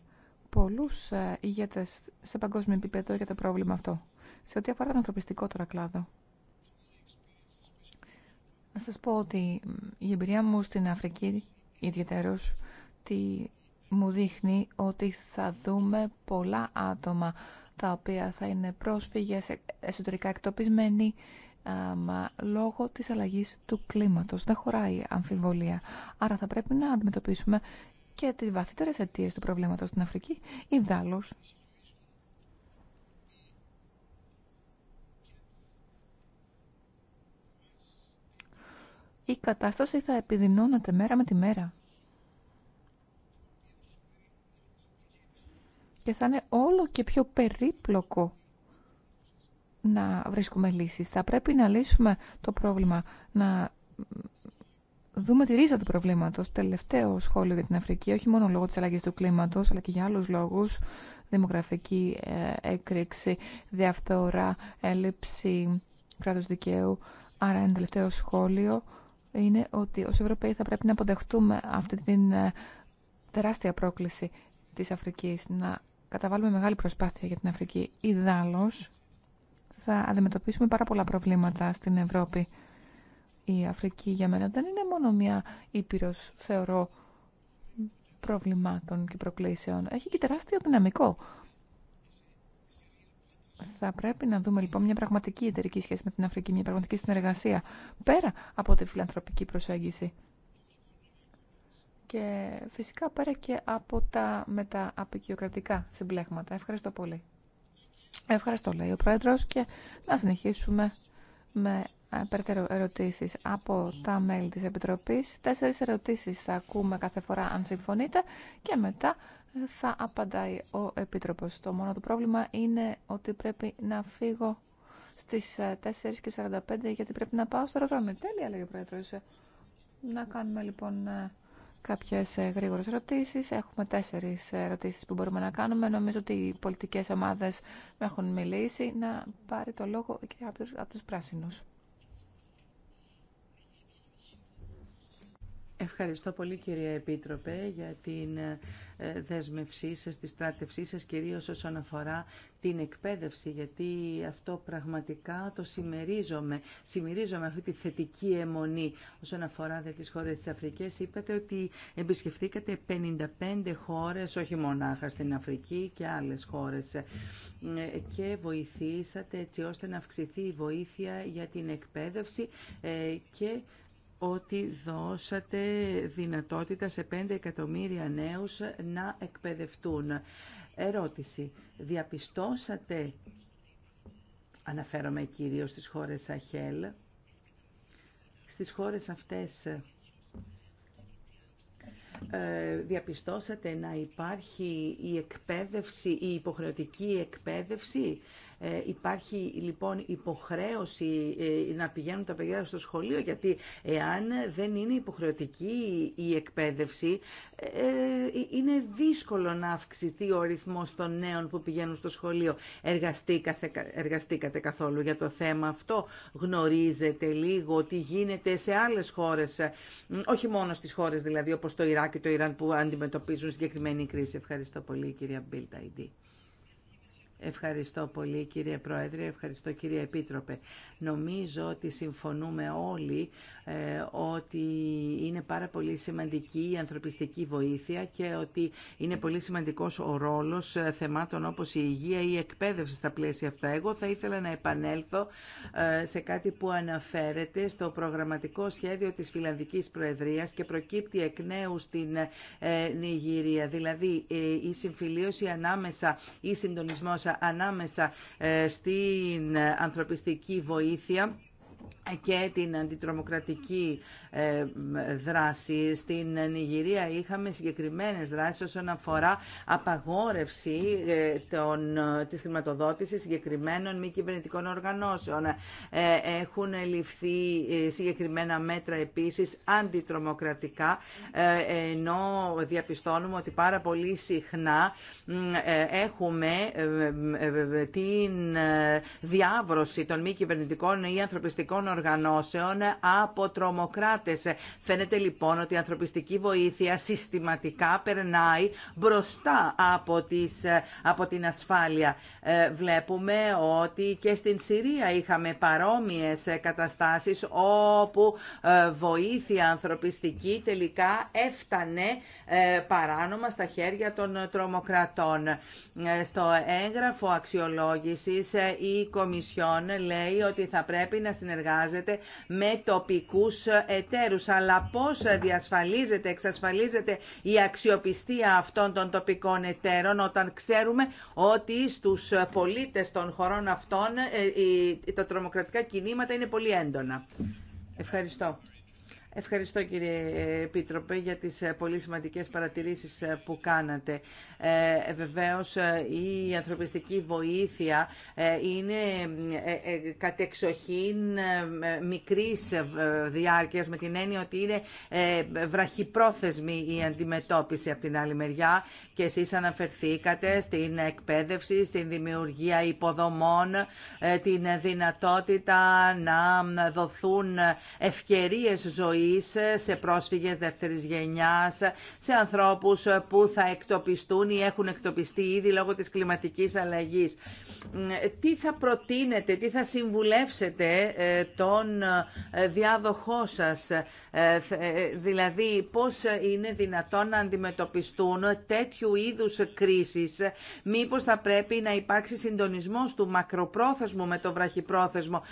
[SPEAKER 3] πολλούς ε, ηγέτες σε παγκόσμιο επίπεδο για το πρόβλημα αυτό. Σε ό,τι αφορά τον ανθρωπιστικό τώρα κλάδο. Να σας πω ότι η εμπειρία μου στην Αφρική, ιδιαίτερος, τι μου δείχνει ότι θα δούμε πολλά άτομα τα οποία θα είναι πρόσφυγες, ε, εσωτερικά εκτοπισμένοι, λόγω της αλλαγής του κλίματος. Δεν χωράει αμφιβολία. Άρα θα πρέπει να αντιμετωπίσουμε και τις βαθύτερες αιτίες του προβλήματος στην Αφρική. ή Ιδάλλως η κατάσταση θα επιδεινώνεται μέρα με τη μέρα. Και θα είναι όλο και πιο περίπλοκο να βρίσκουμε λύσεις. Θα πρέπει να λύσουμε το πρόβλημα, να δούμε τη ρίζα του προβλήματος. Τελευταίο σχόλιο για την Αφρική, όχι μόνο λόγω της αλλαγής του κλίματος, αλλά και για άλλους λόγους, δημογραφική ε, έκρηξη, διαφθορά, έλλειψη κράτους δικαίου. Άρα είναι τελευταίο σχόλιο είναι ότι ως Ευρωπαίοι θα πρέπει να αποδεχτούμε αυτή την ε, τεράστια πρόκληση της Αφρικής, να καταβάλουμε μεγάλη προσπάθεια για την Αφρική. Ιδάλλως θα αντιμετωπίσουμε πάρα πολλά προβλήματα στην Ευρώπη. Η Αφρική για μένα δεν είναι μόνο μια ήπειρος, θεωρώ, προβλημάτων και προκλήσεων. Έχει και τεράστιο δυναμικό θα πρέπει να δούμε λοιπόν μια πραγματική εταιρική σχέση με την Αφρική, μια πραγματική συνεργασία πέρα από τη φιλανθρωπική προσέγγιση. Και φυσικά πέρα και από τα μετααπικιοκρατικά συμπλέγματα. Ευχαριστώ πολύ. Ευχαριστώ, λέει ο Πρόεδρος, και να συνεχίσουμε με ε, περαιτέρω ερωτήσεις από τα μέλη της Επιτροπής. Τέσσερις ερωτήσεις θα ακούμε κάθε φορά αν συμφωνείτε και μετά θα απαντάει ο Επίτροπος. Το μόνο το πρόβλημα είναι ότι πρέπει να φύγω στις 4.45 ε, γιατί πρέπει να πάω στο αεροδρόμιο. Τέλεια, λέει ο Πρόεδρος. Να κάνουμε λοιπόν ε, κάποιες ε, γρήγορες ερωτήσεις. Έχουμε τέσσερις ερωτήσεις που μπορούμε να κάνουμε. Νομίζω ότι οι πολιτικές ομάδες με έχουν μιλήσει. Να πάρει το λόγο η από τους πράσινους. Ευχαριστώ πολύ
[SPEAKER 2] κύριε Επίτροπε για την ε, δέσμευσή σας, τη στράτευσή σας, κυρίως όσον αφορά την εκπαίδευση, γιατί αυτό πραγματικά το συμμερίζομαι. Συμμερίζομαι αυτή τη θετική αιμονή όσον αφορά δε τις χώρες της Αφρικής. Είπατε ότι επισκεφθήκατε 55 χώρες, όχι μονάχα στην Αφρική και άλλες χώρες ε, και βοηθήσατε έτσι ώστε να αυξηθεί η βοήθεια για την εκπαίδευση ε, και ότι δώσατε δυνατότητα σε 5 εκατομμύρια νέους να εκπαιδευτούν. Ερώτηση. Διαπιστώσατε, αναφέρομαι κυρίως στις χώρες Σαχέλ, στις χώρες αυτές ε, διαπιστώσατε να υπάρχει η εκπαίδευση, η υποχρεωτική εκπαίδευση ε, υπάρχει λοιπόν υποχρέωση ε, να πηγαίνουν τα παιδιά στο σχολείο γιατί εάν δεν είναι υποχρεωτική η εκπαίδευση ε, είναι δύσκολο να αυξηθεί ο ρυθμός των νέων που πηγαίνουν στο σχολείο. Εργαστήκατε, εργαστήκατε καθόλου για το θέμα αυτό. Γνωρίζετε λίγο τι γίνεται σε άλλες χώρες, όχι μόνο στις χώρες δηλαδή όπως το Ιράκ και το Ιράν που αντιμετωπίζουν συγκεκριμένη κρίση. Ευχαριστώ πολύ κυρία Μπίλτα Ιντή. Ευχαριστώ πολύ κύριε Πρόεδρε, ευχαριστώ κύριε Επίτροπε. Νομίζω ότι συμφωνούμε όλοι ε, ότι είναι πάρα πολύ σημαντική η ανθρωπιστική βοήθεια και ότι είναι πολύ σημαντικός ο ρόλος ε, θεμάτων όπως η υγεία ή η εκπαίδευση στα πλαίσια αυτά. Εγώ θα ήθελα να επανέλθω ε, σε κάτι που αναφέρεται στο προγραμματικό σχέδιο της Φιλανδικής Προεδρίας και προκύπτει εκ νέου στην ε, Νιγηρία. Δηλαδή η συμφιλίωση ανάμεσα ή συντονισμός ανάμεσα ε, στην ανθρωπιστική βοήθεια και την αντιτρομοκρατική ε, δράση. Στην Νιγηρία είχαμε συγκεκριμένες δράσεις όσον αφορά απαγόρευση ε, των, της χρηματοδότησης συγκεκριμένων μη κυβερνητικών οργανώσεων. Ε, έχουν ληφθεί συγκεκριμένα μέτρα επίσης αντιτρομοκρατικά, ενώ διαπιστώνουμε ότι πάρα πολύ συχνά έχουμε την διάβρωση των μη κυβερνητικών ή ανθρωπιστικών οργανώσεων οργανώσεων από τρομοκράτες. Φαίνεται λοιπόν ότι η ανθρωπιστική βοήθεια συστηματικά περνάει μπροστά από, από την ασφάλεια. Ε, βλέπουμε ότι και στην Συρία είχαμε παρόμοιες καταστάσεις όπου ε, βοήθεια ανθρωπιστική τελικά έφτανε ε, παράνομα στα χέρια των τρομοκρατών. Στο έγγραφο αξιολόγησης η Κομισιόν λέει ότι θα πρέπει να συνεργάζεται με τοπικούς εταίρου. Αλλά πώς διασφαλίζεται, εξασφαλίζεται η αξιοπιστία αυτών των τοπικών εταίρων όταν ξέρουμε ότι στους πολίτες των χωρών αυτών ε, τα τρομοκρατικά κινήματα είναι πολύ έντονα. Ευχαριστώ. Ευχαριστώ κύριε Επίτροπε για τις ε, πολύ σημαντικές παρατηρήσεις ε, που κάνατε. Ε, ε βεβαίως η ανθρωπιστική βοήθεια είναι κατεξοχήν μικρής διάρκειας με την έννοια ότι είναι βραχυπρόθεσμη η αντιμετώπιση από την άλλη μεριά και εσείς αναφερθήκατε στην εκπαίδευση, στην δημιουργία υποδομών, την δυνατότητα να δοθούν ευκαιρίες ζωής σε πρόσφυγες δεύτερης γενιάς, σε ανθρώπους που θα εκτοπιστούν ή έχουν εκτοπιστεί ήδη λόγω της κλιματικής αλλαγής. Τι θα προτείνετε, τι θα συμβουλεύσετε ε, τον ε, διάδοχό σας, ε, δηλαδή πώς είναι δυνατόν να αντιμετωπιστούν τέτοιου είδους κρίσεις, μήπως θα πρέπει να υπάρξει συντονισμός του μακροπρόθεσμου με το βραχυπρόθεσμο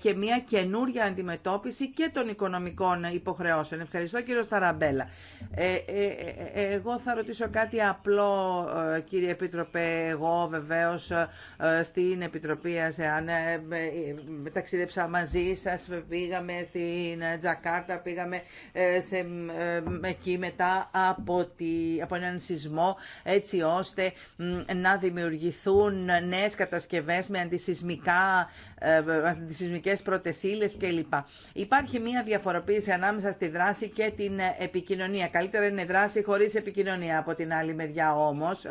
[SPEAKER 2] και μια καινούρια αντιμετώπιση και των οικονομικών υποχρεώσεων. Ευχαριστώ κύριο Σταραμπέλα. Ε, ε, ε, εγώ θα ρωτήσω κάτι απλό ε, κύριε Επίτροπε. Εγώ βεβαίως ε, στην Επιτροπή ΑΣΕΑΝ ε, ταξίδεψα μαζί σας. Πήγαμε στην Τζακάρτα, πήγαμε σε, εκεί μετά από, από έναν σεισμό έτσι ώστε να δημιουργηθούν νέες κατασκευές με αντισυσμικά, αντισυσμικές πρωτεσίλες κλπ. Υπάρχει μια διαφοροποίηση ανάμεσα μέσα στη δράση και την ε, επικοινωνία. Καλύτερα είναι δράση χωρίς επικοινωνία. Από την άλλη μεριά όμως,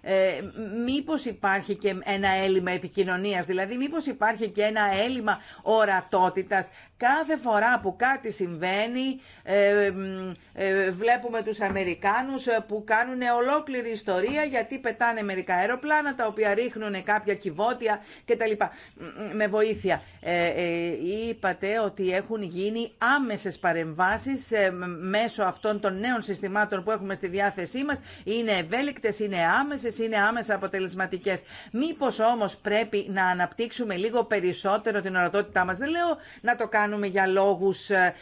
[SPEAKER 2] ε, μήπως υπάρχει και ένα έλλειμμα επικοινωνίας, δηλαδή μήπως υπάρχει και ένα έλλειμμα ορατότητας κάθε φορά που κάτι συμβαίνει ε, ε βλέπουμε τους Αμερικάνους ε, που κάνουν ολόκληρη ιστορία γιατί πετάνε μερικά αεροπλάνα τα οποία ρίχνουν κάποια κυβότια κτλ. Με βοήθεια. Ε, ε, είπατε ότι έχουν γίνει άμεσες παρεμβάσεις μέσω αυτών των νέων συστημάτων που έχουμε στη διάθεσή μας. Είναι ευέλικτες, είναι άμεσες, είναι άμεσα αποτελεσματικές. Μήπως όμως πρέπει να αναπτύξουμε λίγο περισσότερο την ορατότητά μας. Δεν λέω να το κάνουμε κάνουμε για λόγους, ε,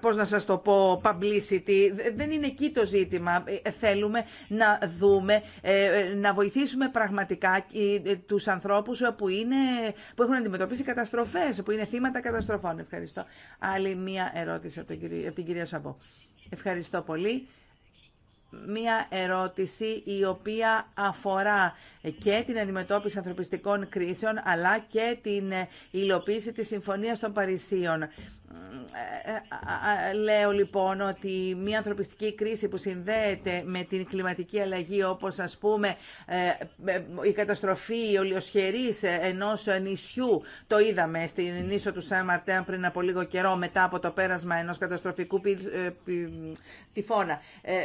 [SPEAKER 2] πώς να σας το πω, publicity. Δεν είναι εκεί το ζήτημα. Ε, θέλουμε να δούμε, ε, να βοηθήσουμε πραγματικά τους ανθρώπους που, είναι, που έχουν αντιμετωπίσει καταστροφές, που είναι θύματα καταστροφών. Ευχαριστώ. Άλλη μία ερώτηση από, από την κυρία Σαμπό. Ευχαριστώ πολύ μία ερώτηση η οποία αφορά και την αντιμετώπιση ανθρωπιστικών κρίσεων αλλά και την υλοποίηση της Συμφωνίας των Παρισίων. Λέω λοιπόν ότι μια ανθρωπιστική κρίση που συνδέεται με την κλιματική αλλαγή όπως ας πούμε ε, η καταστροφή η ολιοσχερής ε, ενός νησιού το είδαμε στην νήσο του Σαν πριν από λίγο καιρό μετά από το πέρασμα ενός καταστροφικού ε, τυφώνα.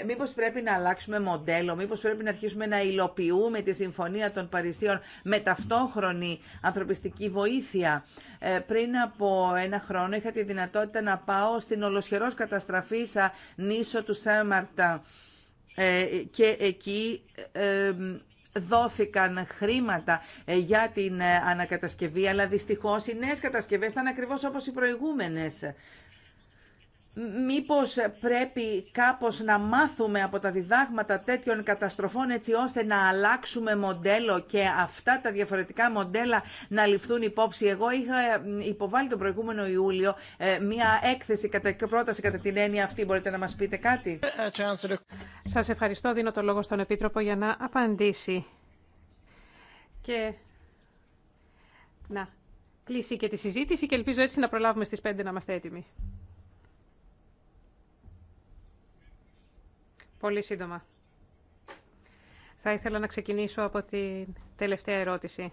[SPEAKER 2] Μήπως πρέπει να αλλάξουμε μοντέλο, μήπως πρέπει να αρχίσουμε να υλοποιούμε τη Συμφωνία των Παρισίων με ταυτόχρονη ανθρωπιστική βοήθεια. Πριν από ένα χρόνο είχα τη δυνατότητα να πάω στην ολοσχερός καταστραφήσα νήσο του Σέμαρτα ε, και εκεί ε, δόθηκαν χρήματα ε, για την ανακατασκευή, αλλά δυστυχώς οι νέες κατασκευές ήταν ακριβώς όπως οι προηγούμενες. Μήπως πρέπει κάπως να μάθουμε από τα διδάγματα τέτοιων καταστροφών έτσι ώστε να αλλάξουμε μοντέλο και αυτά τα διαφορετικά μοντέλα να ληφθούν υπόψη. Εγώ είχα ε, υποβάλει τον προηγούμενο Ιούλιο ε, μία έκθεση κατά πρόταση κατά την έννοια αυτή. Μπορείτε να μας πείτε κάτι.
[SPEAKER 1] Σας ευχαριστώ. Δίνω το λόγο στον Επίτροπο για να απαντήσει. Και να κλείσει και τη συζήτηση και ελπίζω έτσι να προλάβουμε στις 5 να είμαστε έτοιμοι. Πολύ σύντομα. Θα ήθελα να ξεκινήσω από την τελευταία ερώτηση.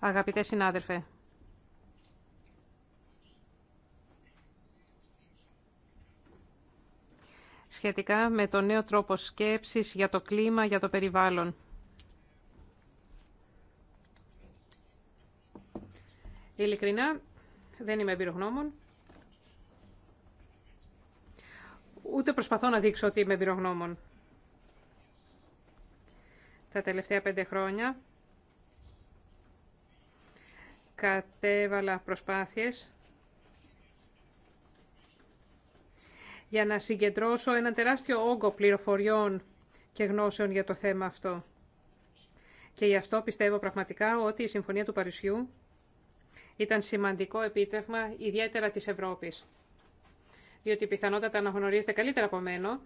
[SPEAKER 1] Αγαπητέ συνάδελφε, σχετικά με το νέο τρόπο σκέψης για το κλίμα, για το περιβάλλον. Ειλικρινά, δεν είμαι εμπειρογνώμων. ούτε προσπαθώ να δείξω ότι είμαι εμπειρογνώμων. Τα τελευταία πέντε χρόνια κατέβαλα προσπάθειες για να συγκεντρώσω ένα τεράστιο όγκο πληροφοριών και γνώσεων για το θέμα αυτό. Και γι' αυτό πιστεύω πραγματικά ότι η Συμφωνία του Παρισιού ήταν σημαντικό επίτευγμα ιδιαίτερα της Ευρώπης διότι πιθανότατα γνωρίζετε καλύτερα από μένα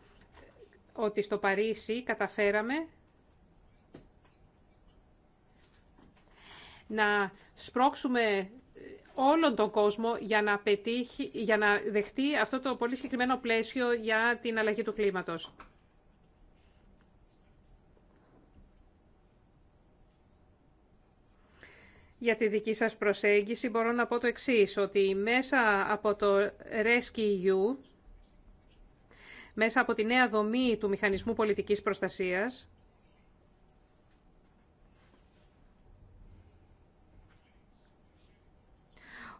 [SPEAKER 1] ότι στο Παρίσι καταφέραμε να σπρώξουμε όλον τον κόσμο για να, πετύχει, για να δεχτεί αυτό το πολύ συγκεκριμένο πλαίσιο για την αλλαγή του κλίματος. για τη δική σας προσέγγιση μπορώ να πω το εξής, ότι μέσα από το Rescue μέσα από τη νέα δομή του Μηχανισμού Πολιτικής Προστασίας,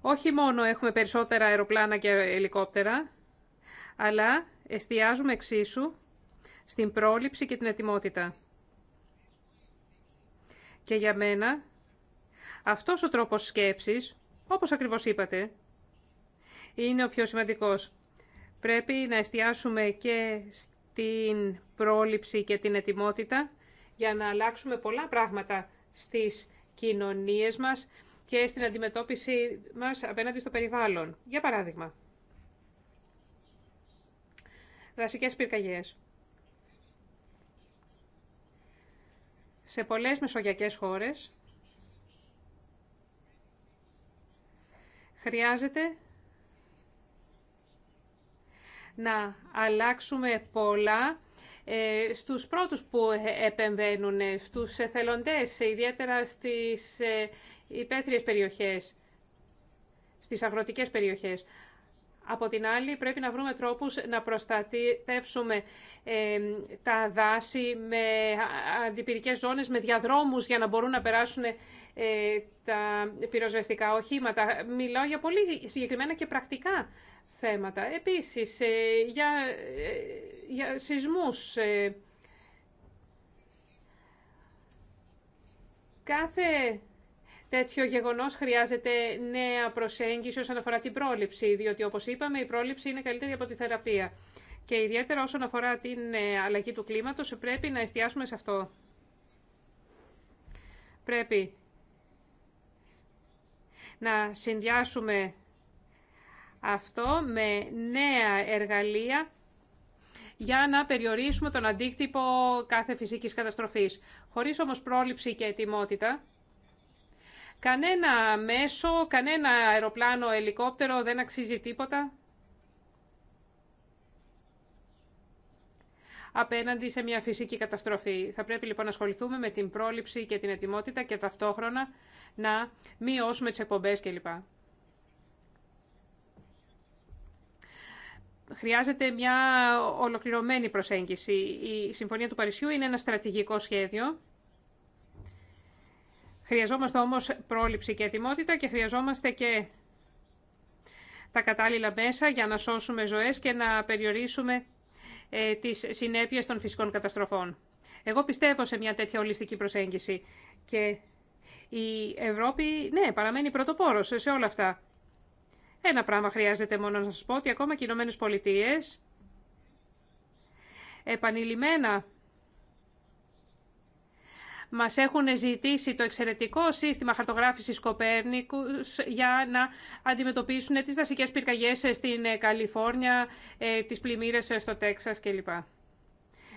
[SPEAKER 1] όχι μόνο έχουμε περισσότερα αεροπλάνα και ελικόπτερα, αλλά εστιάζουμε εξίσου στην πρόληψη και την ετοιμότητα. Και για μένα, αυτός ο τρόπος σκέψης, όπως ακριβώς είπατε, είναι ο πιο σημαντικός. Πρέπει να εστιάσουμε και στην πρόληψη και την ετοιμότητα για να αλλάξουμε πολλά πράγματα στις κοινωνίες μας και στην αντιμετώπιση μας απέναντι στο περιβάλλον. Για παράδειγμα, δασικές πυρκαγιές. Σε πολλές μεσογειακές χώρες χρειάζεται να αλλάξουμε πολλά ε, στους πρώτους που ε, επεμβαίνουν, ε, στους εθελοντές, ιδιαίτερα στις υπαίθριες περιοχές, στις αγροτικές περιοχές. Από την άλλη, πρέπει να βρούμε τρόπους να προστατεύσουμε ε, τα δάση με αντιπυρικές ζώνες, με διαδρόμους για να μπορούν να περάσουν ε, τα πυροσβεστικά οχήματα. Μιλάω για πολύ συγκεκριμένα και πρακτικά θέματα. Επίσης, ε, για, ε, για σεισμούς. Κάθε τέτοιο γεγονός χρειάζεται νέα προσέγγιση όσον αφορά την πρόληψη, διότι όπως είπαμε η πρόληψη είναι καλύτερη από τη θεραπεία. Και ιδιαίτερα όσον αφορά την ε, αλλαγή του κλίματο, πρέπει να εστιάσουμε σε αυτό. Πρέπει να συνδυάσουμε αυτό με νέα εργαλεία για να περιορίσουμε τον αντίκτυπο κάθε φυσικής καταστροφής. Χωρίς όμως πρόληψη και ετοιμότητα, Κανένα μέσο, κανένα αεροπλάνο, ελικόπτερο δεν αξίζει τίποτα. απέναντι σε μια φυσική καταστροφή. Θα πρέπει λοιπόν να ασχοληθούμε με την πρόληψη και την ετοιμότητα και ταυτόχρονα να μειώσουμε τις εκπομπές κλπ. Χρειάζεται μια ολοκληρωμένη προσέγγιση. Η Συμφωνία του Παρισιού είναι ένα στρατηγικό σχέδιο Χρειαζόμαστε όμως πρόληψη και ετοιμότητα και χρειαζόμαστε και τα κατάλληλα μέσα για να σώσουμε ζωές και να περιορίσουμε ε, τις συνέπειες των φυσικών καταστροφών. Εγώ πιστεύω σε μια τέτοια ολιστική προσέγγιση και η Ευρώπη, ναι, παραμένει πρωτοπόρος σε όλα αυτά. Ένα πράγμα χρειάζεται μόνο να σας πω ότι ακόμα και οι Πολιτείες επανειλημμένα Μα έχουν ζητήσει το εξαιρετικό σύστημα χαρτογράφησης Κοπέρνικους για να αντιμετωπίσουν τι δασικέ πυρκαγιέ στην ε, Καλιφόρνια, ε, τις πλημμύρε ε, στο Τέξας κλπ.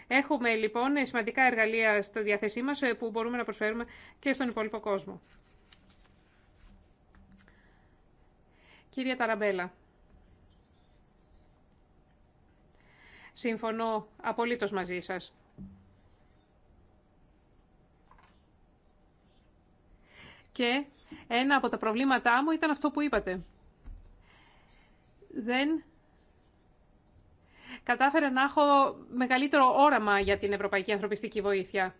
[SPEAKER 1] Έχουμε λοιπόν σημαντικά εργαλεία στο διάθεσή μας που μπορούμε να προσφέρουμε και στον υπόλοιπο κόσμο. Κυρία Ταραμπέλα. Συμφωνώ απολύτως μαζί σας. Και ένα από τα προβλήματά μου ήταν αυτό που είπατε. Δεν κατάφερα να έχω μεγαλύτερο όραμα για την Ευρωπαϊκή Ανθρωπιστική Βοήθεια.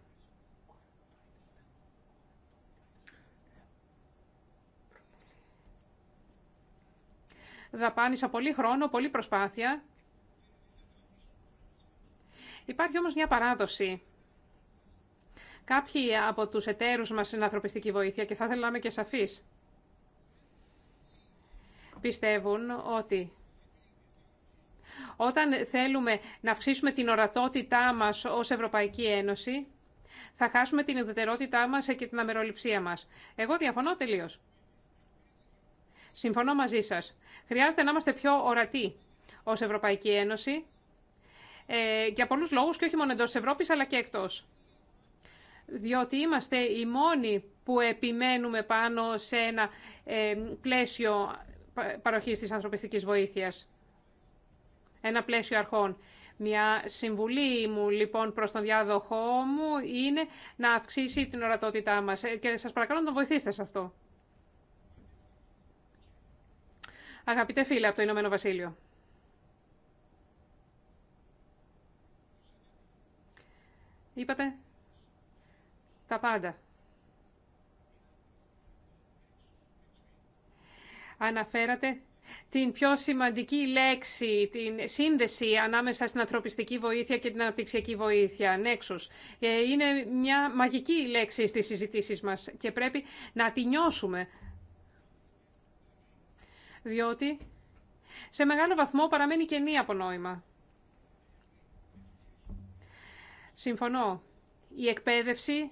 [SPEAKER 1] Δαπάνησα πολύ χρόνο, πολύ προσπάθεια. Υπάρχει όμως μια παράδοση κάποιοι από τους εταίρους μας στην ανθρωπιστική βοήθεια και θα ήθελα να είμαι και σαφής. Πιστεύουν ότι όταν θέλουμε να αυξήσουμε την ορατότητά μας ως Ευρωπαϊκή Ένωση, θα χάσουμε την ιδιωτερότητά μας και την αμεροληψία μας. Εγώ διαφωνώ τελείως. Συμφωνώ μαζί σας. Χρειάζεται να είμαστε πιο ορατοί ως Ευρωπαϊκή Ένωση, ε, για πολλούς λόγους και όχι μόνο εντός Ευρώπης αλλά και εκτός διότι είμαστε οι μόνοι που επιμένουμε πάνω σε ένα ε, πλαίσιο παροχής της ανθρωπιστικής βοήθειας. Ένα πλαίσιο αρχών. Μια συμβουλή μου λοιπόν προς τον διάδοχό μου είναι να αυξήσει την ορατότητά μας ε, και σας παρακαλώ να τον βοηθήσετε σε αυτό. Αγαπητέ φίλε από το Ηνωμένο Βασίλειο. Είπατε τα πάντα. Αναφέρατε την πιο σημαντική λέξη, την σύνδεση ανάμεσα στην ανθρωπιστική βοήθεια και την αναπτυξιακή βοήθεια, νέξους. Ε, είναι μια μαγική λέξη στις συζητήσεις μας και πρέπει να τη νιώσουμε. Διότι σε μεγάλο βαθμό παραμένει και από νόημα. Συμφωνώ. Η εκπαίδευση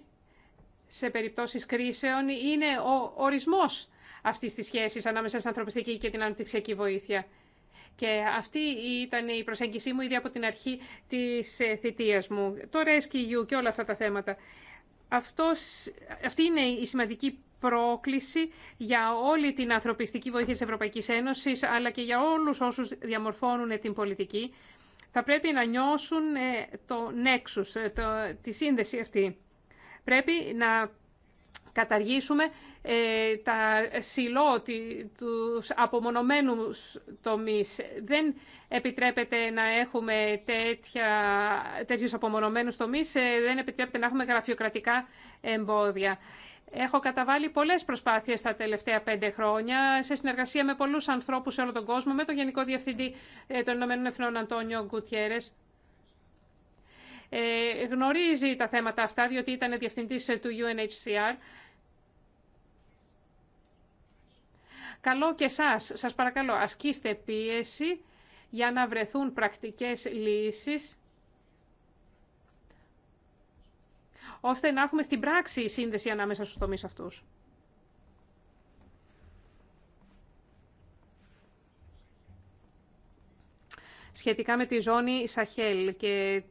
[SPEAKER 1] σε περιπτώσεις κρίσεων είναι ο ορισμός αυτής της σχέσης ανάμεσα στην ανθρωπιστική και την αναπτυξιακή βοήθεια. Και αυτή ήταν η προσέγγιση μου ήδη από την αρχή της ε, θητείας μου. Το Rescue και όλα αυτά τα θέματα. Αυτός, αυτή είναι η σημαντική πρόκληση για όλη την ανθρωπιστική βοήθεια της Ευρωπαϊκής Ένωσης, αλλά και για όλους όσους διαμορφώνουν την πολιτική. Θα πρέπει να νιώσουν ε, το nexus, ε, το, τη σύνδεση αυτή. Πρέπει να καταργήσουμε ε, τα σιλό, τους απομονωμένους τομείς. Δεν επιτρέπεται να έχουμε τέτοια, τέτοιους απομονωμένους τομείς, ε, δεν επιτρέπεται να έχουμε γραφειοκρατικά εμπόδια. Έχω καταβάλει πολλές προσπάθειες τα τελευταία πέντε χρόνια σε συνεργασία με πολλούς ανθρώπους σε όλο τον κόσμο, με τον Γενικό Διευθυντή ε, των Ηνωμένων Εθνών Αντώνιο Γκουτιέρες, ε, γνωρίζει τα θέματα αυτά, διότι ήταν διευθυντής ε, του UNHCR. Καλό και σας, σας παρακαλώ, ασκήστε πίεση για να βρεθούν πρακτικές λύσεις, ώστε να έχουμε στην πράξη σύνδεση ανάμεσα στους τομείς αυτούς. σχετικά με τη ζώνη Σαχέλ και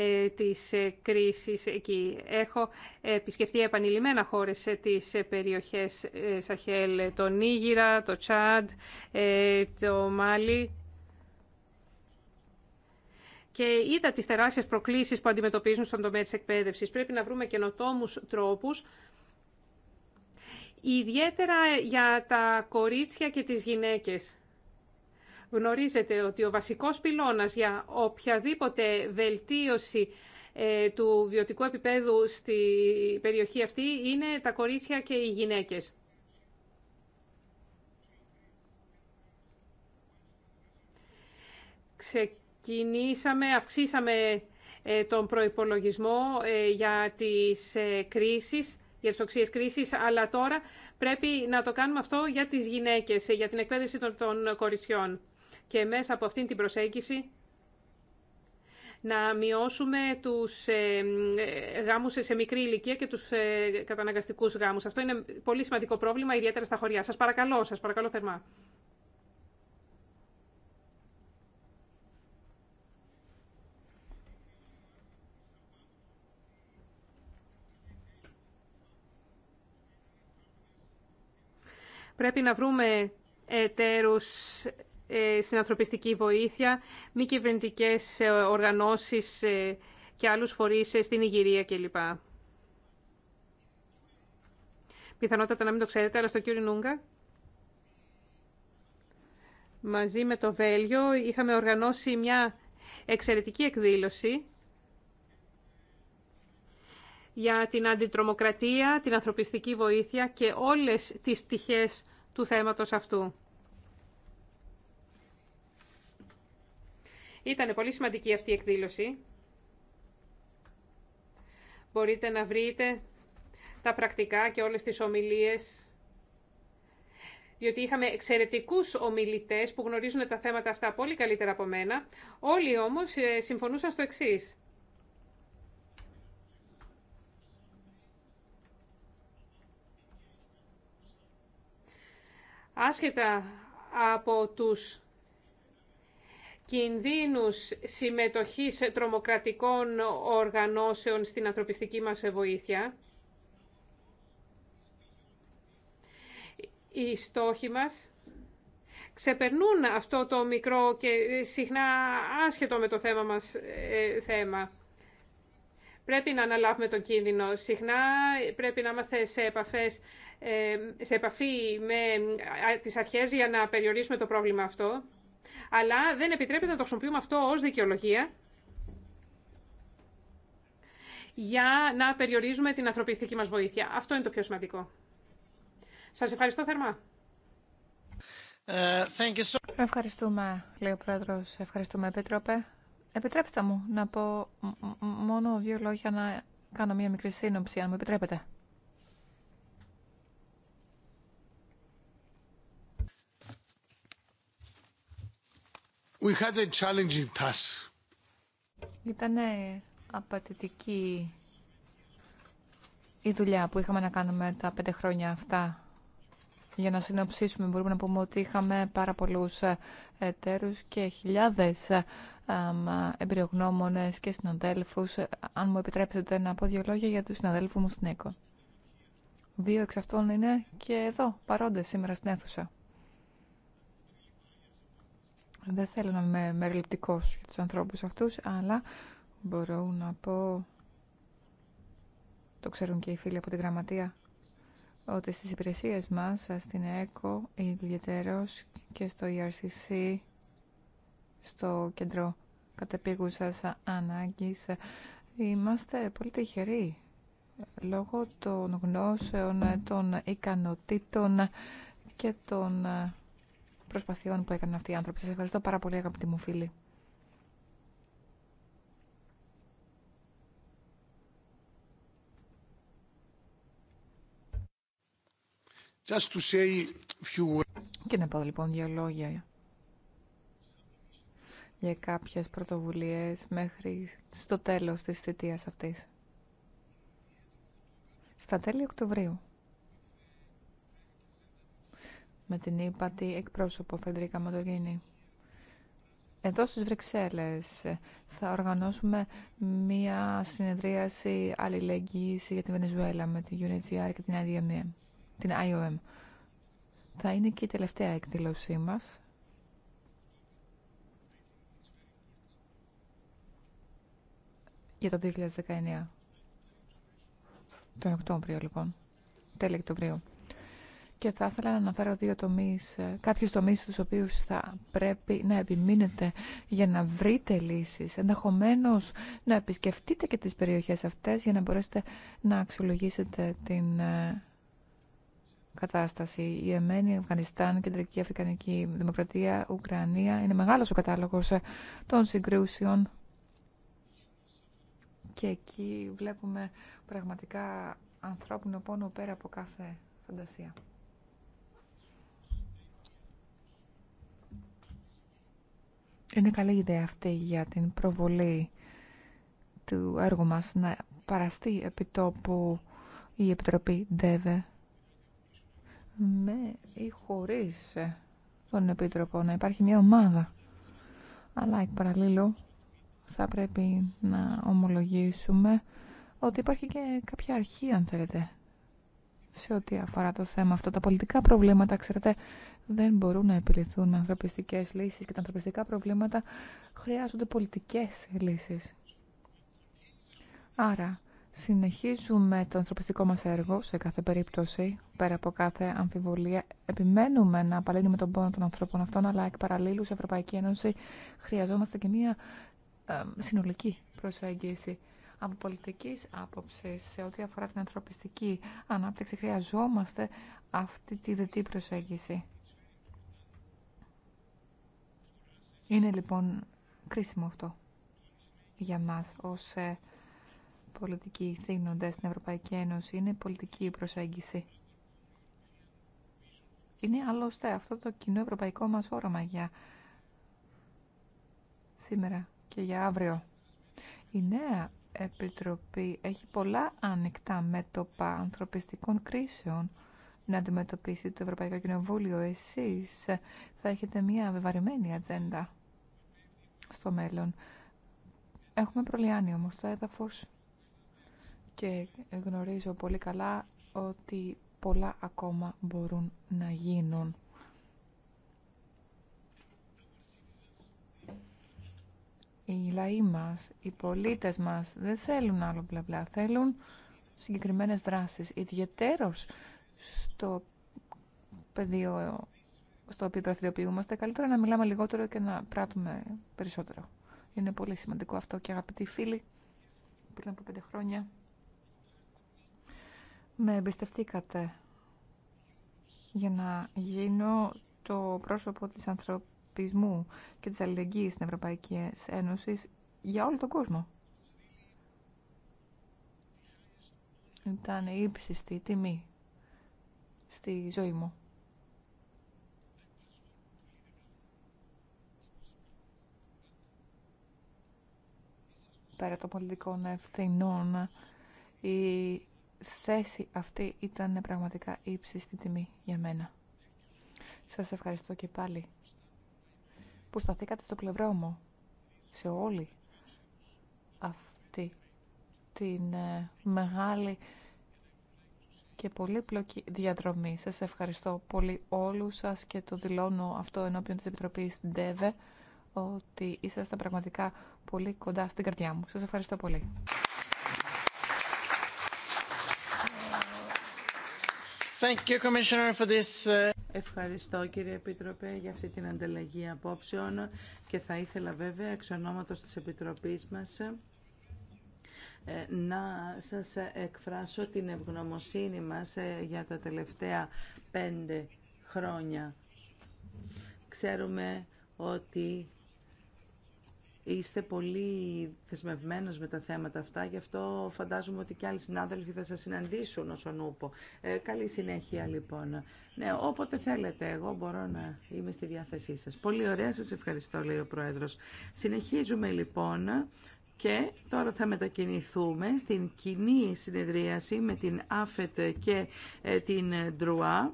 [SPEAKER 1] ε, της ε, κρίσης εκεί. Έχω επισκεφτεί επανειλημμένα χώρες ε, της περιοχές Σαχέλ, το Νίγηρα, το Τσάντ, το Μάλι και είδα τις τεράστιες προκλήσεις που αντιμετωπίζουν στον τομέα της εκπαίδευσης. Πρέπει να βρούμε καινοτόμους τρόπους ιδιαίτερα για τα κορίτσια και τις γυναίκες. Γνωρίζετε ότι ο βασικός πυλώνας για οποιαδήποτε βελτίωση ε, του βιωτικού επίπεδου στη περιοχή αυτή είναι τα κορίτσια και οι γυναίκες. Ξεκινήσαμε, αυξήσαμε ε, τον προϋπολογισμό ε, για τις κρίσεις, για τις οξύες κρίσεις, αλλά τώρα πρέπει να το κάνουμε αυτό για τις γυναίκες, για την εκπαίδευση των κοριτσιών και μέσα από αυτήν την προσέγγιση να μειώσουμε τους ε, ε, γάμους σε μικρή ηλικία και τους ε, καταναγκαστικούς γάμους. Αυτό είναι πολύ σημαντικό πρόβλημα, ιδιαίτερα στα χωριά. Σας παρακαλώ, σας παρακαλώ θερμά. Πρέπει να βρούμε εταίρους ε, στην ανθρωπιστική βοήθεια, μη κυβερνητικέ ε, οργανώσεις ε, και άλλους φορείς στην Ιγυρία κλπ. Πιθανότατα να μην το ξέρετε, αλλά στο κύριο Νούγκα, μαζί με το Βέλγιο, είχαμε οργανώσει μια εξαιρετική εκδήλωση για την αντιτρομοκρατία, την ανθρωπιστική βοήθεια και όλες τις πτυχές του θέματος αυτού. Ήταν πολύ σημαντική αυτή η εκδήλωση. Μπορείτε να βρείτε τα πρακτικά και όλες τις ομιλίες, διότι είχαμε εξαιρετικούς ομιλητές που γνωρίζουν τα θέματα αυτά πολύ καλύτερα από μένα. Όλοι όμως ε, συμφωνούσαν στο εξής. Άσχετα από τους κινδύνους συμμετοχής τρομοκρατικών οργανώσεων στην ανθρωπιστική μας βοήθεια. Οι στόχοι μας ξεπερνούν αυτό το μικρό και συχνά άσχετο με το θέμα μας ε, θέμα. Πρέπει να αναλάβουμε τον κίνδυνο. Συχνά πρέπει να είμαστε σε, επαφές, ε, σε επαφή με τις αρχές για να περιορίσουμε το πρόβλημα αυτό αλλά δεν επιτρέπεται να το χρησιμοποιούμε αυτό ως δικαιολογία για να περιορίζουμε την ανθρωπιστική μας βοήθεια. Αυτό είναι το πιο σημαντικό. Σας ευχαριστώ θερμά.
[SPEAKER 3] Ε, Ευχαριστούμε, λέει ο Πρόεδρος. Ευχαριστούμε, Επίτροπε. Επιτρέψτε μου να πω μόνο δύο λόγια να κάνω μια μικρή σύνοψη, αν μου επιτρέπετε.
[SPEAKER 1] We had a challenging task.
[SPEAKER 3] Ήταν απαιτητική η δουλειά που είχαμε να κάνουμε τα πέντε χρόνια αυτά. Για να συνοψίσουμε, μπορούμε να πούμε ότι είχαμε πάρα πολλούς ε, εταίρους και χιλιάδες ε, εμπειρογνώμονες και συναδέλφους. Αν μου επιτρέψετε να πω δύο λόγια για τους συναδέλφους μου στην ΕΚΟ. Δύο εξ αυτών είναι και εδώ, παρόντες σήμερα στην αίθουσα. Δεν θέλω να είμαι μεριληπτικός για τους ανθρώπους αυτούς, αλλά μπορώ να πω, το ξέρουν και οι φίλοι από τη γραμματεία, ότι στις υπηρεσίες μας, στην ΕΚΟ, ιδιαίτερος και στο ERCC, στο κέντρο κατεπίγουσας ανάγκης, είμαστε πολύ τυχεροί λόγω των γνώσεων, των ικανοτήτων και των προσπαθειών που έκαναν αυτοί οι άνθρωποι. Σας ευχαριστώ πάρα πολύ αγαπητοί μου φίλοι. Just to say few... Και να πω λοιπόν δύο λόγια για κάποιες πρωτοβουλίες μέχρι στο τέλος της θητείας αυτής. Στα τέλη Οκτωβρίου με την ύπατη εκπρόσωπο Φεντρίκα Μοτογίνη. Εδώ στις Βρυξέλλες θα οργανώσουμε μία συνεδρίαση αλληλεγγύης για τη Βενεζουέλα με την UNHCR και την την IOM. Θα είναι και η τελευταία εκδήλωσή μας. Για το 2019. Τον Οκτώβριο λοιπόν. Τέλη Οκτωβρίου. Και θα ήθελα να αναφέρω δύο τομείς, ε, κάποιους τομείς στους οποίους θα πρέπει να επιμείνετε για να βρείτε λύσεις. Ενδεχομένως να επισκεφτείτε και τις περιοχές αυτές για να μπορέσετε να αξιολογήσετε την ε, κατάσταση. Η Εμένη, Αφγανιστάν, Κεντρική Αφρικανική Δημοκρατία, Ουκρανία. Είναι μεγάλος ο κατάλογος ε, των συγκρούσεων. Και εκεί βλέπουμε πραγματικά ανθρώπινο πόνο πέρα από κάθε φαντασία. Είναι καλή ιδέα αυτή για την προβολή του έργου μας να παραστεί τόπου η Επιτροπή ΔΕΒΕ με ή χωρίς τον Επίτροπο να υπάρχει μια ομάδα. Αλλά εκ παραλλήλου θα πρέπει να ομολογήσουμε ότι υπάρχει και κάποια αρχή αν θέλετε σε ό,τι αφορά το θέμα αυτό. Τα πολιτικά προβλήματα, ξέρετε, δεν μπορούν να επιληθούν με ανθρωπιστικές λύσεις και τα ανθρωπιστικά προβλήματα χρειάζονται πολιτικές λύσεις. Άρα, συνεχίζουμε το ανθρωπιστικό μας έργο σε κάθε περίπτωση, πέρα από κάθε αμφιβολία. Επιμένουμε να απαλύνουμε τον πόνο των ανθρώπων αυτών, αλλά εκ παραλλήλου σε Ευρωπαϊκή Ένωση χρειαζόμαστε και μία συνολική προσέγγιση από πολιτική άποψη σε ό,τι αφορά την ανθρωπιστική ανάπτυξη χρειαζόμαστε αυτή τη δετή προσέγγιση. Είναι λοιπόν κρίσιμο αυτό για μας ως ε, πολιτικοί θύγνοντες στην Ευρωπαϊκή Ένωση. Είναι πολιτική προσέγγιση. Είναι άλλωστε αυτό το κοινό ευρωπαϊκό μας όραμα για σήμερα και για αύριο. Η νέα Επιτροπή έχει πολλά ανοιχτά μέτωπα ανθρωπιστικών κρίσεων να αντιμετωπίσει το Ευρωπαϊκό Κοινοβούλιο. Εσείς θα έχετε μια βεβαρημένη ατζέντα στο μέλλον. Έχουμε προλιάνει όμως το έδαφος και γνωρίζω πολύ καλά ότι πολλά ακόμα μπορούν να γίνουν. Οι λαοί μας, οι πολίτες μας δεν θέλουν άλλο μπλα θέλουν συγκεκριμένες δράσεις, ιδιαιτέρως στο πεδίο στο οποίο δραστηριοποιούμαστε, καλύτερα να μιλάμε λιγότερο και να πράττουμε περισσότερο. Είναι πολύ σημαντικό αυτό και αγαπητοί φίλοι, πριν από πέντε χρόνια με εμπιστευτήκατε για να γίνω το πρόσωπο της ανθρωπισμού και της αλληλεγγύης στην Ευρωπαϊκή Ένωση για όλο τον κόσμο. Ήταν η ύψιστη τιμή στη ζωή μου. πέρα των πολιτικών ευθυνών. Η θέση αυτή ήταν πραγματικά ύψιστη στην τιμή για μένα. Σας ευχαριστώ και πάλι που σταθήκατε στο πλευρό μου σε όλη αυτή την ε, μεγάλη και πολύπλοκη διαδρομή. Σας ευχαριστώ πολύ όλους σας και το δηλώνω αυτό ενώπιον της Επιτροπής ΔΕΒΕ ότι ήσασταν πραγματικά πολύ κοντά στην καρδιά μου. Σας ευχαριστώ πολύ.
[SPEAKER 2] Thank you, Commissioner, uh, Ευχαριστώ κύριε Επίτροπε για αυτή την ανταλλαγή απόψεων και θα ήθελα βέβαια εξ ονόματος της Επιτροπής μας ε, να σας εκφράσω την ευγνωμοσύνη μας ε, για τα τελευταία πέντε χρόνια. Ξέρουμε ότι Είστε πολύ θεσμευμένος με τα θέματα αυτά, γι' αυτό φαντάζομαι ότι και άλλοι συνάδελφοι θα σας συναντήσουν όσον ούπο. Ε, καλή συνέχεια λοιπόν. Ναι, όποτε θέλετε, εγώ μπορώ να είμαι στη διάθεσή σας. Πολύ ωραία, σας ευχαριστώ λέει ο Πρόεδρος. Συνεχίζουμε λοιπόν και τώρα θα μετακινηθούμε στην κοινή συνεδρίαση με την ΑΦΕΤ και ε, την Ντρουά.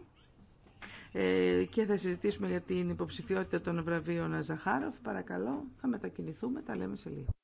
[SPEAKER 2] Ε, και θα συζητήσουμε για την υποψηφιότητα των βραβείων Ζαχάροφ. Παρακαλώ, θα μετακινηθούμε. Τα λέμε σε λίγο.